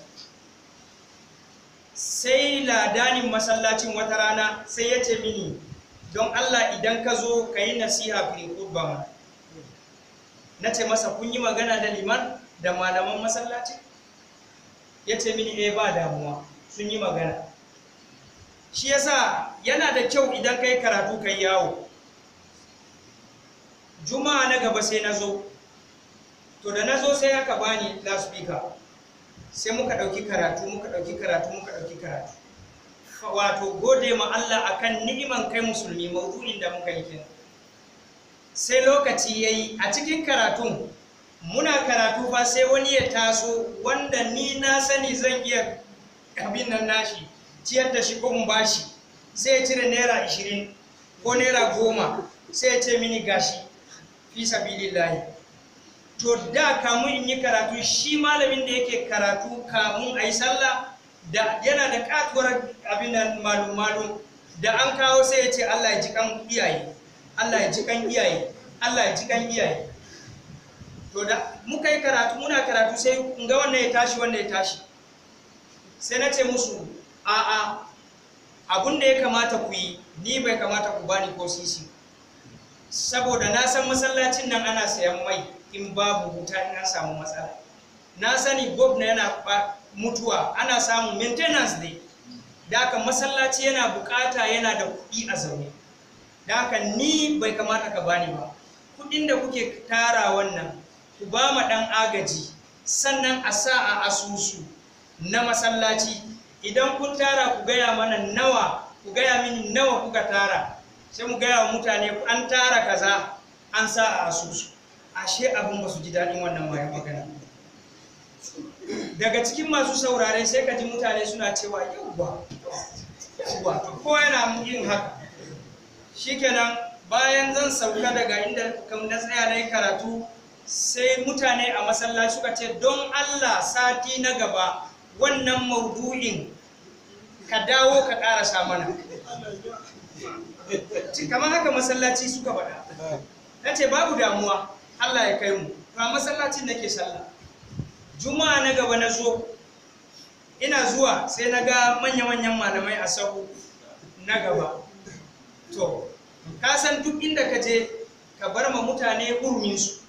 sai ladanin masallacin wata rana sai ya ce mini don Allah idan ka zo ka yi nasiha fil qurba na ce masa kun yi magana da liman da malaman masallaci ya ce mini ne eh, ba damuwa sun yi magana shi yasa yana da kyau idan kai karatu kai yawo juma'a na gaba sai na zo to da na zo sai aka bani speaker sai muka ɗauki karatu muka ɗauki karatu muka ɗauki karatu wato gode ma Allah akan ni'iman kai musulmi maudu'in da muka yi kenan sai lokaci yayi a cikin karatun muna karatu fa sai wani ya taso wanda ni na sani zan iya abin nan nashi ciyar da shi ko in bashi sai ya cire naira ashirin ko naira goma sai ya ce mini gashi fi sabilillahi to da kamun in yi karatu shi malamin da yake karatu kamun a yi sallah da yana da katuwar abin nan malum malum da an kawo sai ya ce Allah ya ji kan iyaye Allah ya ji kan iyaye Allah ya ji kan iyaye to da muka yi karatu muna karatu sai ga wannan ya tashi wannan ya tashi sai na ce musu a'a abun da ya kamata ku yi ni bai kamata ku bani ko sisi saboda na san masallacin nan ana sayan mai in babu wuta in samu matsala na sani bob na yana mutuwa ana samun maintenance ne da haka masallaci yana bukata yana da kuɗi a zaune da haka ni bai kamata ka bani ba kuɗin da kuke tara wannan ku ba ma ɗan agaji sannan a sa a asusu na masallaci idan kun tara ku gaya mana nawa ku gaya mini nawa kuka tara sai mu gaya wa mutane an tara kaza an sa a asusu ashe abin ba su ji daɗin wannan mai magana daga cikin masu saurare sai ka ji mutane suna cewa yauwa yauwa ko yana yin haka shikenan bayan zan sauka daga inda kam na tsaya na yi karatu sai mutane a masallaci suka ce don Allah sati na gaba wannan maudu'in ka dawo ka ƙarasa mana kamar haka masallaci suka faɗa na ce babu damuwa Allah ya kai mu ba na nake sallah juma'a na gaba na zo ina zuwa sai na ga manya-manyan malamai a sahu na gaba to ka san duk inda ka je ka bar ma mutane urminsu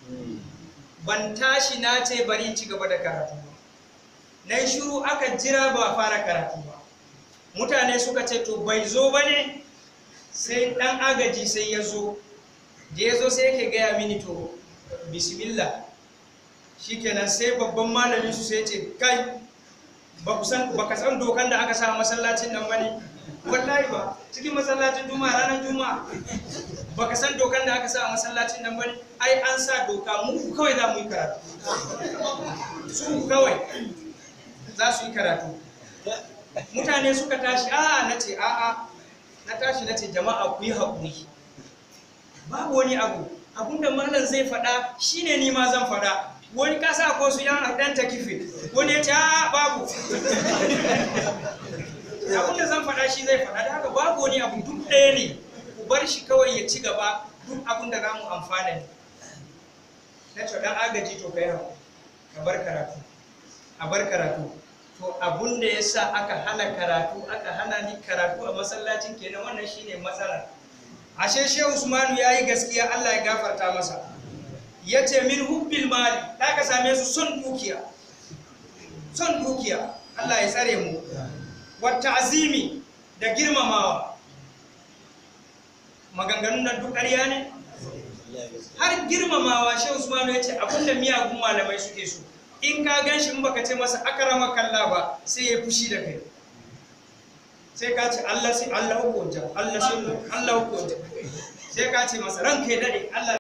ban tashi na ce bari ci gaba da karatu ba na shiru aka jira ba fara karatu ba mutane suka ce to bai zo ba ne sai dan agaji sai ya zo da ya zo sai yake gaya mini to bismillah shikenan sai babban malamin su sai ce kai ba ka san dokan da aka sa masallacin nan ba ne wallahi ba cikin masallacin juma'a ranar juma'a baka san dokan da aka sa a masallacin nan bane ai an sa doka mu kawai za mu yi karatu su kawai za su yi karatu mutane suka tashi a'a na ce a'a na tashi na ce jama'a ku yi haƙuri babu wani abu Abunda mallan zai faɗa shine ni ma zan faɗa wani kasa ko su yan ɗan takife wani ya ce a'a babu abin da zan faɗa shi zai faɗa da haka babu wani abu duk ɗaya ne ku bar shi kawai ya ci gaba duk abin da za mu amfana ne na ce ɗan agaji to kai hau ka bar karatu a bar karatu to abun da ya sa aka hana karatu aka hana ni karatu a masallacin kenan wannan shine matsalar ashe shehu usmanu ya yi gaskiya allah ya gafarta masa ya ce min hubbil mali ta ka same su son dukiya son dukiya allah ya tsare mu wata azimi da girmamawa maganganun nan duk ƙarya ne har girmamawa shehu usmanu ya ce abinda miyagun malamai suke so in ka gan shi in baka ce masa akarama kalla ba sai ya fushi da kai sai ka ce Allah sai Allah hukunta Allah sai Allah hukunta sai ka ce masa ranka ya dade Allah